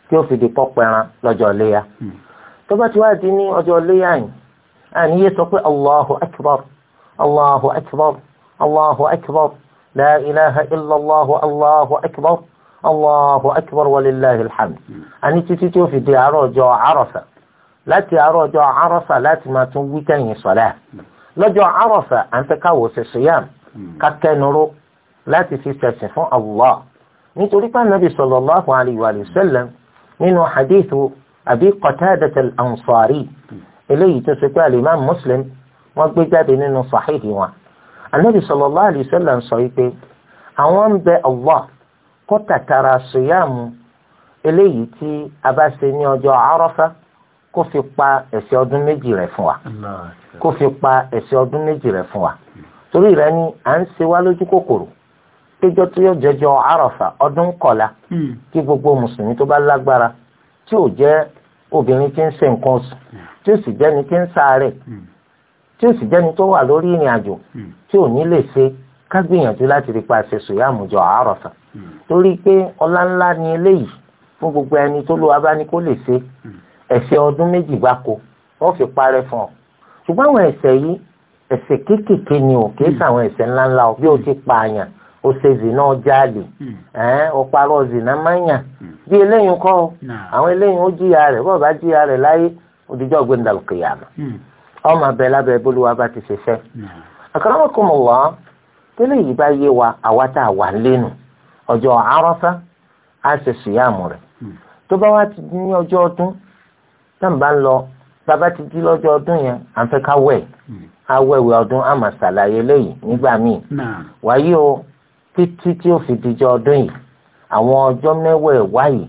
tí ó fi di pọ́pẹ́ran lọ́jọ́ léya hmm. tó bá ti wá di ní ọjọ́ léya yìí àní yé sọ pé allahu akbar allahu akbar allahu akbar la ilaha illallah allahu akbar allahu akbar walillahi alhamd àní títí tí ó fi di àárọ̀ ọjọ́ àrọ̀fà láti àárọ̀ ọjọ́ àrọ̀fà láti máa tún wíkẹ́yìn sọ̀lá lọ́jọ́ àrọ̀fà à ń fẹ́ káwọ́ ṣe ṣìyàmù Hmm. ká kẹnuró láti fi ṣẹ̀sìn fún Allah nítorí pé anabi sallallahu alayhi wa sallam nínú hadithu abi qatada al-ansari hmm. eléyìí tó ṣe pé alimami muslim wọ́n gbé jáde nínú sahihi wọn anabi sallallahu alayhi wa sallam sọ wípé àwọn bẹ Allah kó tàtàrà sùyàmù eléyìí tí a bá ṣe ní ọjọ́ Àrafá kó fi pa ẹ̀ṣẹ̀ ọdún méjì rẹ̀ fún wa kó fi pa ẹ̀ṣẹ̀ ọdún méjì rẹ̀ fún wa hmm torí rẹ ni à ń ṣe wá lójú kòkòrò péjọ tó yọ jọjọ àràfà ọdún kọlá hmm. kí gbogbo mùsùlùmí tó bá lágbára tí ò jẹ́ obìnrin tí ń ṣe nǹkan oṣù hmm. tí ó sì jẹ́ni tí ń ṣàárẹ̀ hmm. tí ó sì jẹ́ni tó wà lórí ìrìn àjò tí ò ní lè ṣe ká gbìyànjú láti rí pa ṣe sòyàmù jọ àràfà torí pé ọlá ni eléyìí fún gbogbo ẹni tó lo abá ní kó lè ṣe ẹ̀ṣẹ̀ ọdún méjì gbáko wọ́n fi parẹ́ fún ọ ṣùgbọ́n àwọn ẹ̀ṣẹ̀ yìí ẹ̀ṣẹ̀ kéékèèké ni ò kìí sàwọn hmm. ẹ̀ṣẹ̀ ńláńlá o bí o hmm. ti pààyàn o ṣe zìnà jáàlì hmm. ẹ̀ẹ́n o parọ́ zìnà máyàn bí eléyìí kọ́ àwọn eléyìí ó jìyà rẹ̀ bọ́ọ̀ bá jìyà rẹ̀ láyé òdìjọ́ gbẹ̀ndàlù kìyàmù ọmọ abẹ lábẹ́ bólúwa bá ti ṣe fẹ́. akramakumullah tẹ́lẹ̀ yìí bá yé wa àwa tá a wà lẹ́nu ọjọ́ Àrafa á ṣe sùyàmù rẹ̀ tó bá wá ti ní ọjọ́ ọdún tá n bá ń lọ bàbá ti di lọ́jọ́ ọdún yẹn à ń fẹ́ ká wẹ̀ awẹ́wẹ́ ọdún àmà ṣàlàyé lẹ́yìn nígbà míì wáyé o títí tí ó fi dijọ́ ọdún yìí àwọn ọjọ́ mẹ́wẹ̀ẹ̀wá yìí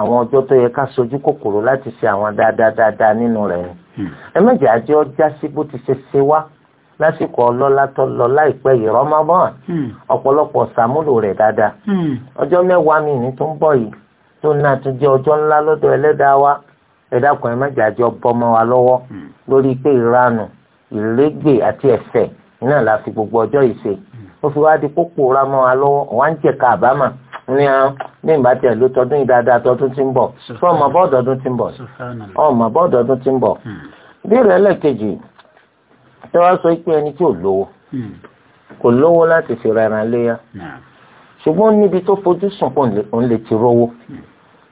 àwọn ọjọ́ tó yẹ ká sojú kòkòrò láti ṣe àwọn dáadáa nínú rẹ̀ ni hmm. ẹ méjì àjọ já sí bó ti ṣe ṣe wá lásìkò ọlọ́lá tó lọ láìpẹ́ yìí Ramadan hmm. ọ̀pọ̀lọpọ̀ ṣàmúlò rẹ̀ dáadáa hmm. ọjọ́ mẹ́wàá mi ní tó ń bọ̀ yìí tó náà tún jẹ́ ọjọ́ ńlá lọ́dọ̀ ẹlẹ́dàá wa ẹ̀dá kan ẹ méjì àjọ bọ́mọ wa lọ́wọ́ lórí pé ìranù ìrégbè àti ẹ̀ṣẹ̀ iná la fi gbogbo ọjọ́ yìí ṣe ó fi wá di kókó ra mọ́ wa lọ́wọ́ wá ń jẹ̀ka àbámà ní àwọn ní ìgbà tí ẹ ló tọdún yìí dáadáa tọdún tí ń bọ̀ fún ọmọ bọ́ọ̀dù ọdún tí ń bọ̀ ọmọ bọ́ọ̀dù ọdún tí ń bọ̀ hmm. bí rẹ̀ lẹ́ẹ̀kejì tí wọ́n sọ pé ẹni tí ò lówó hmm. kò lówó láti fi ra ẹran léyà ṣùgbọ́n níbi tó fojú sùn kò ń lè ti rówó hmm.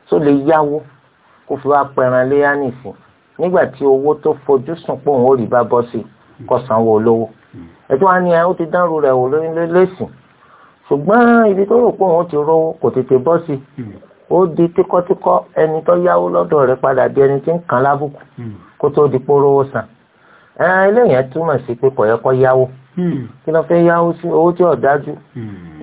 tó lè yáwó kó fi wá pẹran léyà nìsín nígbà tí owó tó fojú sùn pé òun ò rí bá bọ́ sí kó sanwó olówó hmm. ẹ̀tọ́ wa ni ó ti dánrù rẹ̀ wò lẹ́sìn ṣùgbọ́n ibi tó rò pé òun ti rówó kò tètè bọ́ sí hmm. ó di tíkọ́tíkọ́ ẹni tó yáwó lọ́dọ̀ rẹ̀ padà di ẹni tí ń kàn lábùkù hmm. kó tó di pórówó san eléyìí túmọ̀ sí pé kò yẹ kó yáwó kí ló fẹ́ yáwó sí owó tí ò dájú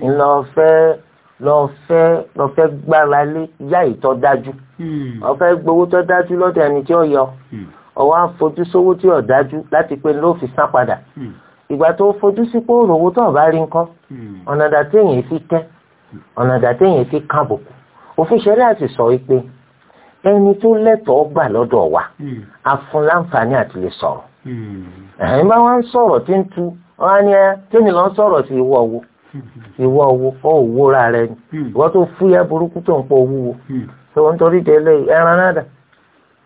ńlọ fẹ́ẹ́ lọ fẹ́ lọ fẹ́ gbára lé yá ìtọ́ dájú hmm. ọ fẹ́ gbowó tó dájú lọ́dọ̀ ẹni tí ó yọ ọwọ́ hmm. àfojú sówó tí ó dájú láti pé ló fi san padà hmm. ìgbà tó fojú sí pé òrò owó tó ọba rí nǹkan ọ̀nà dàtí èyàn fi tẹ́ ọ̀nà dàtí èyàn fi kábòkù òfin ṣẹlẹ̀ àti sọ wípé ẹni tó lẹ́tọ̀ọ́ gbà lọ́dọ̀ wa afun láǹfààní àti lè sọ̀rọ̀ ẹ̀yìn bá wọn sọ̀rọ̀ tí ń tu wọn á ní ẹ kí ni sọ̀rọ̀ sí ìwọ wo. Hmm ìwọ owó kọ́ òwò ra rẹ ni hmm. ìwọ tó fúyẹ́ burúkú tó ń pọ̀ wúwo tó ń torí délé ẹran náà dà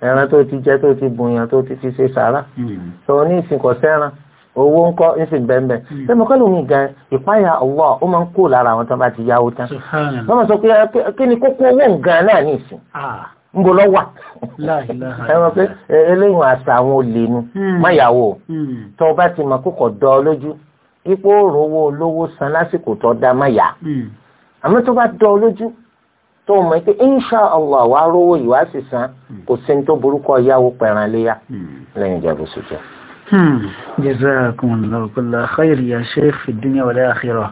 ẹran tó ti jẹ tó ti bùnyàn tó ti fi ṣe sàrà tó hmm. ní ìsìnkọ̀ sẹ́ran owó ń kọ́ ń sì bẹ́ẹ̀bẹ́ sẹ́mi hmm. kọ́ lómi gan ìpáyà ọwọ́ ó máa ń kó lára àwọn tó bá ti yáwó tán wọ́n máa sọ pé kí ni kókó owó nǹkan náà ní ìsìn ń bo lọ́wà ẹ mọ̀ pé eléyìí àṣà àwọn olè nu máyàwó tó o bá ti mọ̀ kókò dọ́ lójú ipò òrówó olówó san lásìkò tó dá má yá hmm. àmọ́ tó bá dán lójú tó mọ̀ pé insha allah wàá rówó ìwà sì san hmm. kò sí ní tó burúkọ yáwó pẹ̀ràn léyà hmm. lẹ́yìn ìjẹ́bù sójú. jazakum allah kulla ya sheikh fi dunya wal akhirah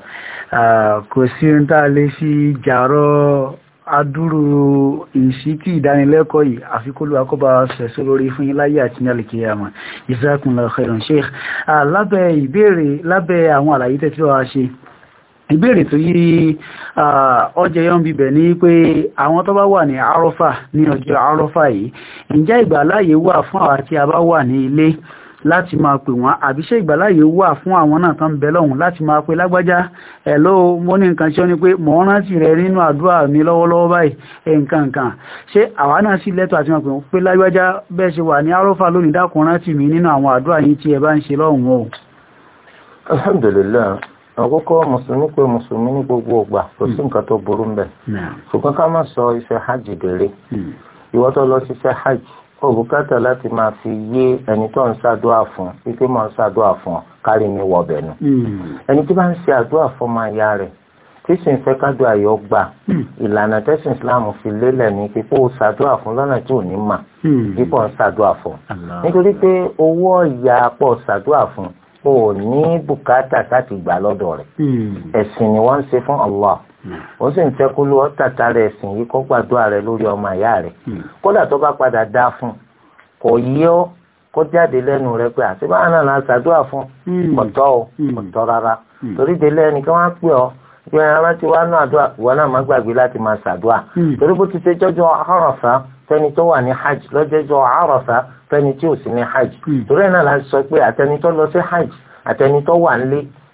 ah, kò sí ní tá a lè fi jàrọ́ adúrú ìsítí ìdánilẹ́kọ̀ọ́ yìí àfikúlù akọ́bà sẹ̀sọ́ lórí fún yín láyé àti ní àlìkìyàmà ìsákùnlẹ̀ khairan sheikh lábẹ́ ìbéèrè lábẹ́ àwọn àlàyé tẹ́tí wá ṣe ìbéèrè tó yí ọjọ́ yọ́n bíbẹ̀ ní pé àwọn tó bá wà ní arọ́fà ní ọjọ́ arọ́fà yìí ǹjẹ́ ìgbàláyé wà fún àwọn tí a wà ní ilé láti máa pè wọ́n àbíṣe ìgbàláyè wà fún àwọn náà tán bẹ lọ́hùn láti máa pè lágbájá hello mo ní nǹkan ṣe ó ní pé mò ń rántí rẹ nínú àdúrà mi lọ́wọ́lọ́wọ́ báyìí nǹkan nǹkan ṣé àwa náà sì lẹ́tọ̀ àti máa pè wọ́n pé lágbájá bẹ́ẹ̀ ṣe wà ní arọ́fà lónìí dákun rántí mi nínú àwọn àdúrà yín tí ẹ bá ń ṣe lọ́hùn o. alhamdulilayi àkókò mùsùlùmí pé mùsùlùmí ní gbogbo ọgbà kò sí hmm. nǹkan tó burú ń bẹ hmm. ṣùgbọ́n ká má sọ iṣẹ́ hajj dèrè hmm. ìwọ́tọ̀ lọ sí iṣẹ́ hajj òbúkátà láti máa fi yé ẹni tó ń ṣàdúrà fún pípé máa ń ṣàdúrà fún kárí mi wọ ọbẹ̀ nù. ẹni tí bá ń ṣe àdúrà fún ọmọ ìyá rẹ̀ tí sì ń fẹ́ kádùn àyọ̀ gbà ìlànà tẹ́sán islam fi lélẹ̀ ní pípé ó ṣàdúrà fún lọ́nà tí ò ní mà dípò ń ṣàdúrà fún. nítorí pé owó ọ̀yà pọ̀ ṣàdúrà fún o ní bùkátà láti gbà lọ́dọ̀ rẹ̀ hmm. ẹ̀sìn ni wọ́n ń ṣe fún Allah ó sì ń fẹ́ kó ló tàtà rẹ̀ sìn gbadoa kó gbàdúrà rẹ̀ lórí ọmọ ìyá rẹ̀ hmm. kódà tó bá padà dá fún kò yí ọ́ kó jáde lẹ́nu rẹ̀ pé àti báyìí náà ṣàdúrà fún hmm. o ọ̀tọ̀ hmm. rárá torí délé ẹnìkan wá pè ọ́ bí ara ti wá náà àdúrà ìwọ náà má gbàgbé láti máa ṣàdúrà torí wà ní hajj lọ́jọ́jọ Àrafà fẹ́ni tí ò ní hajj torí náà sọ pé àtẹnitọ́ hajj àtẹnitọ́ wà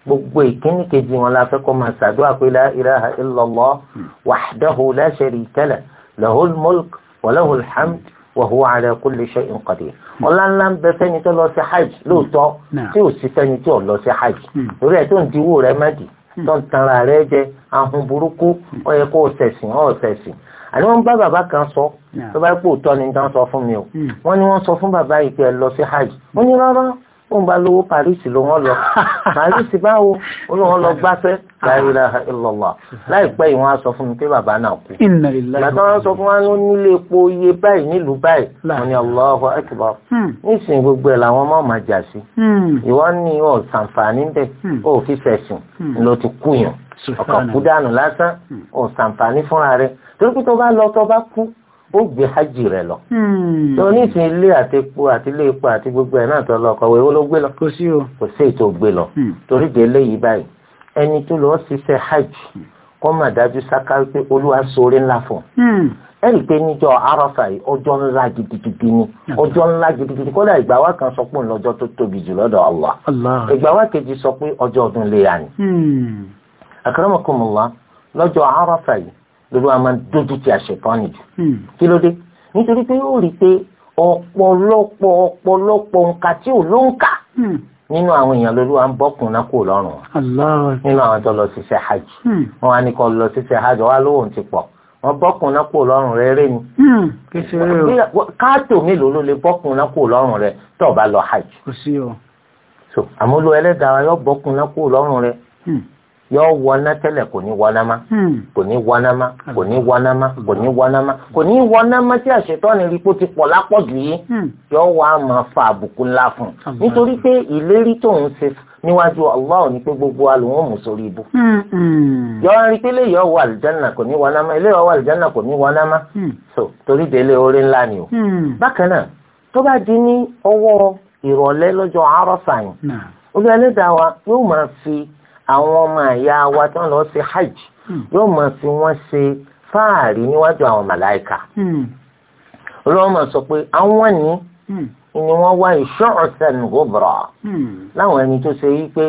gbogbo ìkíní kejì wọn la fẹ́ kọ́ máa ṣàdúrà pé la ilaha illallah hmm. wahdahu la sharika lahu lahul mulk wa lahul hamd wa huwa ala kulli shay'in qadir. Hmm. ọlá ńlá ń bẹ fẹ́ni tó lọ sí hajj lóòótọ́ hmm. tí ò sí fẹ́ni tí ò lọ sí hajj torí ẹ̀ tó ń diwó rẹ mẹ́dì tó ń tanra rẹ jẹ ahun burúkú ó yẹ kó o ṣẹ̀sìn ó àní wọ́n bá bàbá kan sọ tó bá pò tọ́ ni sọ fún mi o wọ́n ní wọ́n sọ fún bàbá yìí pé ẹ lọ sí hajj wọ́n ní rárá fún bá lówó Paris ló wọ́n lọ Paris báwo ló wọ́n lọ gbáfẹ́ la ilaha illallah láìpẹ́ ìwọ̀n aṣọ fún mi pé bàbá náà kú bàtà wọn sọ fún wa ló nílé epo iye báyìí nílùú báyìí wọn ni Allahu akbar hmm. nísìnyí gbogbo ẹ̀ làwọn ọmọ máa jà sí hmm. ìwọ ni ọ̀ sàǹfààní bẹ́ẹ̀ hmm. ó fi fẹ̀sìn ló ti kú yàn ọkàn kú dànù lásán ọ̀ sàǹfààní fúnra rẹ̀ torí pé tó bá lọ tó bá kú ó gbé hajj rẹ̀ lọ. tó hmm. nísìn ilé àti epo àti ilé epo àti gbogbo ẹ̀ náà tó lọ kọ̀wé ó ló gbé lọ. kò sí o kò sí ètò gbé lọ. Hmm. torí de eléyìí báyìí ẹni tó lọ ṣiṣẹ́ hajj hmm. kó má dájú sáká pé olúwa sóore ńlá fún un ẹ̀rí pé níjọ́ arọ́fà yìí ọjọ́ ńlá gidigidi ni ọjọ́ ńlá gidigidi kódà ìgbà wa kan sọ pé ńlọjọ́ tó tóbi jù lọ́dọ̀ Allah ìgbà wa kejì sọ pé ọjọ́ ọdún léyà ni. àkàràmọ̀kùnmọ̀lá lọ́jọ́ arọ́fà yìí lórí wa máa dójú ti àṣetọ́ni jù hmm. kí ló dé nítorí pé yóò rí i pé ọ̀pọ̀lọpọ̀ ọ̀pọ̀lọpọ̀ nǹkan tí ò ló ń kà hmm. nínú àwọn èèyàn lórí wa ń bọ́kùn náà kò lọ́rùn nínú àwọn tó lọ ṣiṣẹ́ hajj hmm. wọn á ní kó lọ ṣiṣẹ́ hajj wọn lóhùn ti pọ̀ wọn bọ́kùn náà kò lọ́rùn rẹ rẹ ni káàtó mélòó ló lè bọ́kùn náà kò lọ́rùn rẹ tó bá lọ hajj. àmúlò ẹlẹ́dàá yóò bọ́kùn náà kò lọ́rùn rẹ yóò wọná tẹ́lẹ̀ kò ní wọná má hmm. kò ní wọná má kò ní wọná má kò ní wọná má kò ní wọná má tí àṣetọ́ni rí kó ti pọ̀ lápọ̀jù yìí hmm. yóò wá máa fa àbùkù ńlá fún un nítorí pé ìlérí tó ń ṣe níwájú Allah ní pé gbogbo alùwọ̀n mú sórí ibú hmm, yóò rí pé léyìí ọwọ́ àlìjánà kò ní wọná má ọwọ́ àlìjánà kò ní wọná so torí délé orí ńlá ni o bákan náà tó bá di ní ọwọ́ ìrọ̀lẹ́ lọ́jọ́ àárọ̀ sàn àwọn ọmọ àyà wa tí wọ́n lọ ṣe hajj hmm. yóò máa fi wọ́n ṣe fáàrí níwájú àwọn màláìka olówó hmm. máa sọ pé àwọn ni hmm. ni wọ́n wá ìṣọ́ọ̀sẹ̀n gòbòrò láwọn ẹni tó ṣe wípé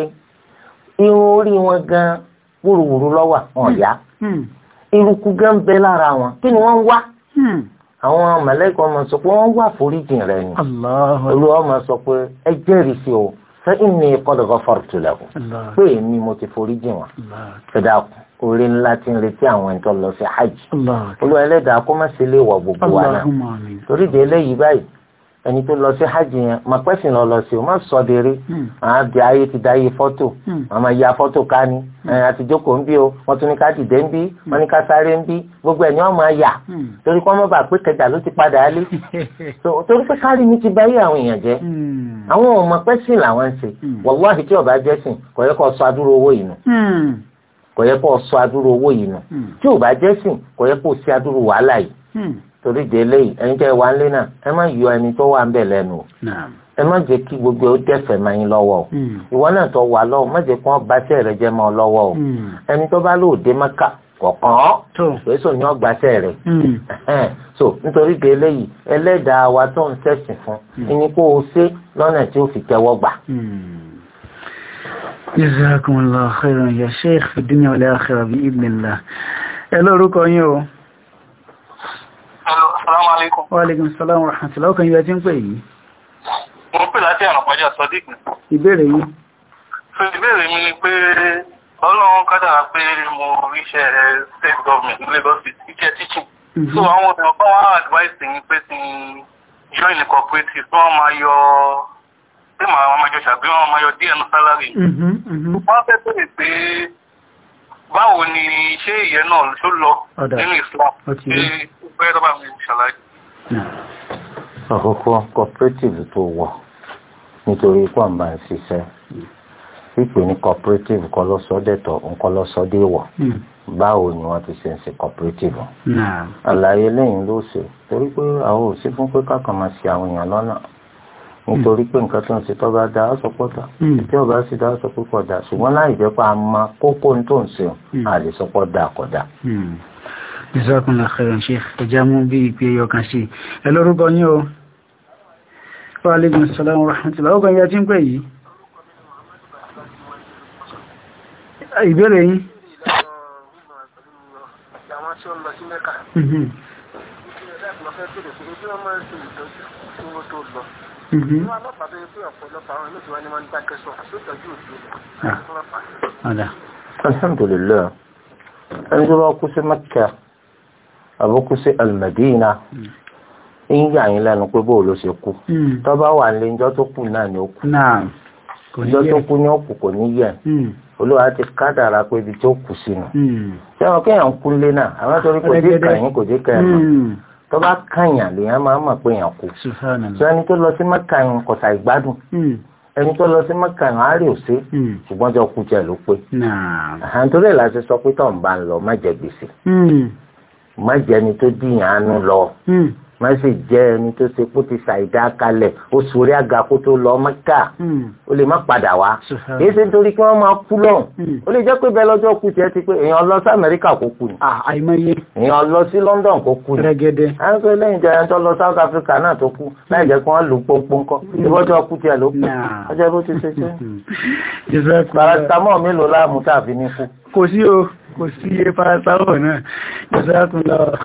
irun orí wọn gan wúruwúru lọ́wà wọn yá irukú gan bẹ lára wọn kí ni wọ́n wá àwọn màláìka máa sọ pé wọ́n wá foríjìn rẹ̀ ni olówó máa sọ pé ẹ jẹ́rìí sí o fẹ́ ìní qad ghafartu lahum pé èmi mo ti forí jìn wọn ṣẹ̀dá orí ńlá ti ń retí àwọn ẹ̀ńtọ́ lọ sí hajj olúwa ẹlẹ́dàá kó má sí lè wọ̀ gbogbo wa náà torí de eléyìí báyìí ẹni tó lọ sí hajj yẹn máa pẹ́sìn lọ lọ sí o máa sọ dèrè hmm. àwọn àbí ayé ti da ayé fọ́tò hmm. àmọ́ ya fọ́tò ká ní àtijókòó hmm. ń bí o wọ́n tún ní ká dìde ń bí wọ́n ní ká sáré ń bí gbogbo ẹ̀ ni wọ́n máa yà torí kọ́ mọ́ba pé kẹjà ló ti padà á lé torí pé kárí mi ti báyé àwọn èèyàn jẹ́ àwọn ọmọ pẹ́sìn làwọn ń ṣe wàláhì tí ọba jẹ́sìn kò yẹ kó sọ adúrò owó yìí nù kò yẹ kó sọ adúrò owó yìí nù tí ọba jẹ́sìn kò yẹ kó sí adúrò wàhálà yìí torí délé yìí ẹni tẹ́ wà lé náà ẹ má yọ ẹni tó wà ń bẹ̀ lẹ́nu o ẹ má jẹ́ kí gbogbo ó dẹ̀fẹ̀ máa yín lọ́wọ́ o hmm. ìwọ náà tó wà lọ́wọ́ má jẹ́ kí wọ́n bá sẹ́ẹ̀ rẹ jẹ́ mọ́ ọ lọ́wọ́ o hmm. ẹni tó bá lóòdé mẹ́ka kọ̀ọ̀kan èso ni wọ́n gbàṣẹ́ rẹ̀ hmm. so nítorí pé eléyìí ẹlẹ́dàá wa tó ń ṣẹ̀sìn fún ẹni kó o ṣe lọ́nà tí ó fi tẹ́wọ́ gbà. jazakumullahu khairan ya sheikh fi dunya wal akhirah bi idnillah ẹ lórúkọ yín o alaykum. Wa alaykum salaam wa rahmatullahi ọkàn yóò ti ń pè yìí. Mo pè láti àràpàjá Sadiq. Ìbéèrè yìí. So ìbéèrè mi ni pé ọlọ́run kádàrá pé mo ríṣẹ́ state government Lagos iṣẹ́ teaching. Mhm. So àwọn ọ̀dọ́ bá wá advice mi pé join cooperative tí wọ́n máa yọ pé màá máa jọ ṣàgbé wọn máa yọ díẹ̀ ní sálárì. Wọ́n báwo ni ṣé ìyẹn náà ló lọ nínú Islam ṣe fẹ́ rọ́bà mi ṣàlàyé. àkọ́kọ́ cooperative tó wọ̀ nítorí ikú àmà ìṣiṣẹ́ pípé ní cooperative kọ́ lọ́sọ́dẹ̀tọ̀ nǹkan lọ́sọ́dẹ̀wọ̀ hmm. báwo ni wọ́n ti ṣe ń ṣe cooperative. àlàyé lẹ́yìn ló ṣe torí pé àwọn ò sí fún pé kákan máa ṣe àwọn èèyàn lọ́nà hmm. nítorí pé nǹkan ọba hmm. sì da aṣọ púpọ̀ ṣùgbọ́n láì jẹ́ pé a máa kókó tó ìsọ́kùnlá khairan sheikh ẹjá mú bí ìpé yọkan sí ẹ lórúkọ ní o wa alaikum assalam wa rahmatullah ọkọ̀ ìyá tí ń pẹ̀ yìí ìbẹ̀rẹ̀ yìí mhm. mhm. ah, Alhamdulillah, ẹni tó bá kú sí Mẹ́kà àbúkú sí almadina hmm. ń yà yín lẹ́nu pé bóò ló ṣe kú hmm. tó bá wà nílé ìjọ tó kù náà ni ó kù ìjọ tó kù ni ó kù kò ní yẹ hmm. olúwa ti kádàrà pé ibi tó kù sínú sẹ́wọ̀n kéèyàn kú lé náà àwọn torí kò dé kàyín kò dé kàyín tó bá kàyàn lèèyàn máa mọ̀ pé èèyàn kú ẹni tó lọ sí mẹ́ka kò sà ìgbádùn ẹni tó lọ sí mẹ́ka á rí òsè ṣùgbọ́n jọ kú jẹ ló pé àhàntorí ẹ̀ sọ pé tó ń bá ń lọ má jẹ gbèsè má jẹ́ ẹni tó dìyàn ánú lọ hmm. má sì jẹ́ ẹni tó ṣe kó ti ṣàìdá kalẹ̀ ó sórí àga kó tó lọ mẹ́kà hmm. ó lè má padà wá èyí ṣe nítorí kí wọ́n máa kú lọ́hùn hmm. ó lè jẹ́ pé bẹ́ẹ̀ lọ́jọ́ kú tiẹ̀ ti pé èèyàn lọ sí Amẹ́ríkà kó kú ni èèyàn lọ sí London kó kú ni à ń sọ lẹ́yìn jẹ́ ẹni tó lọ South Africa náà tó kú láì jẹ́ kí wọ́n lù pọ́npọ́n kọ́ ìbọ́jọ́ kú tiẹ̀ ló kú ọjọ́ bó ti ṣe ṣe paracetamol mélòó láàmú tàbí ní kú. kò sí o kò sí iye paracetamol náà jọ́sọ́kùn lọ.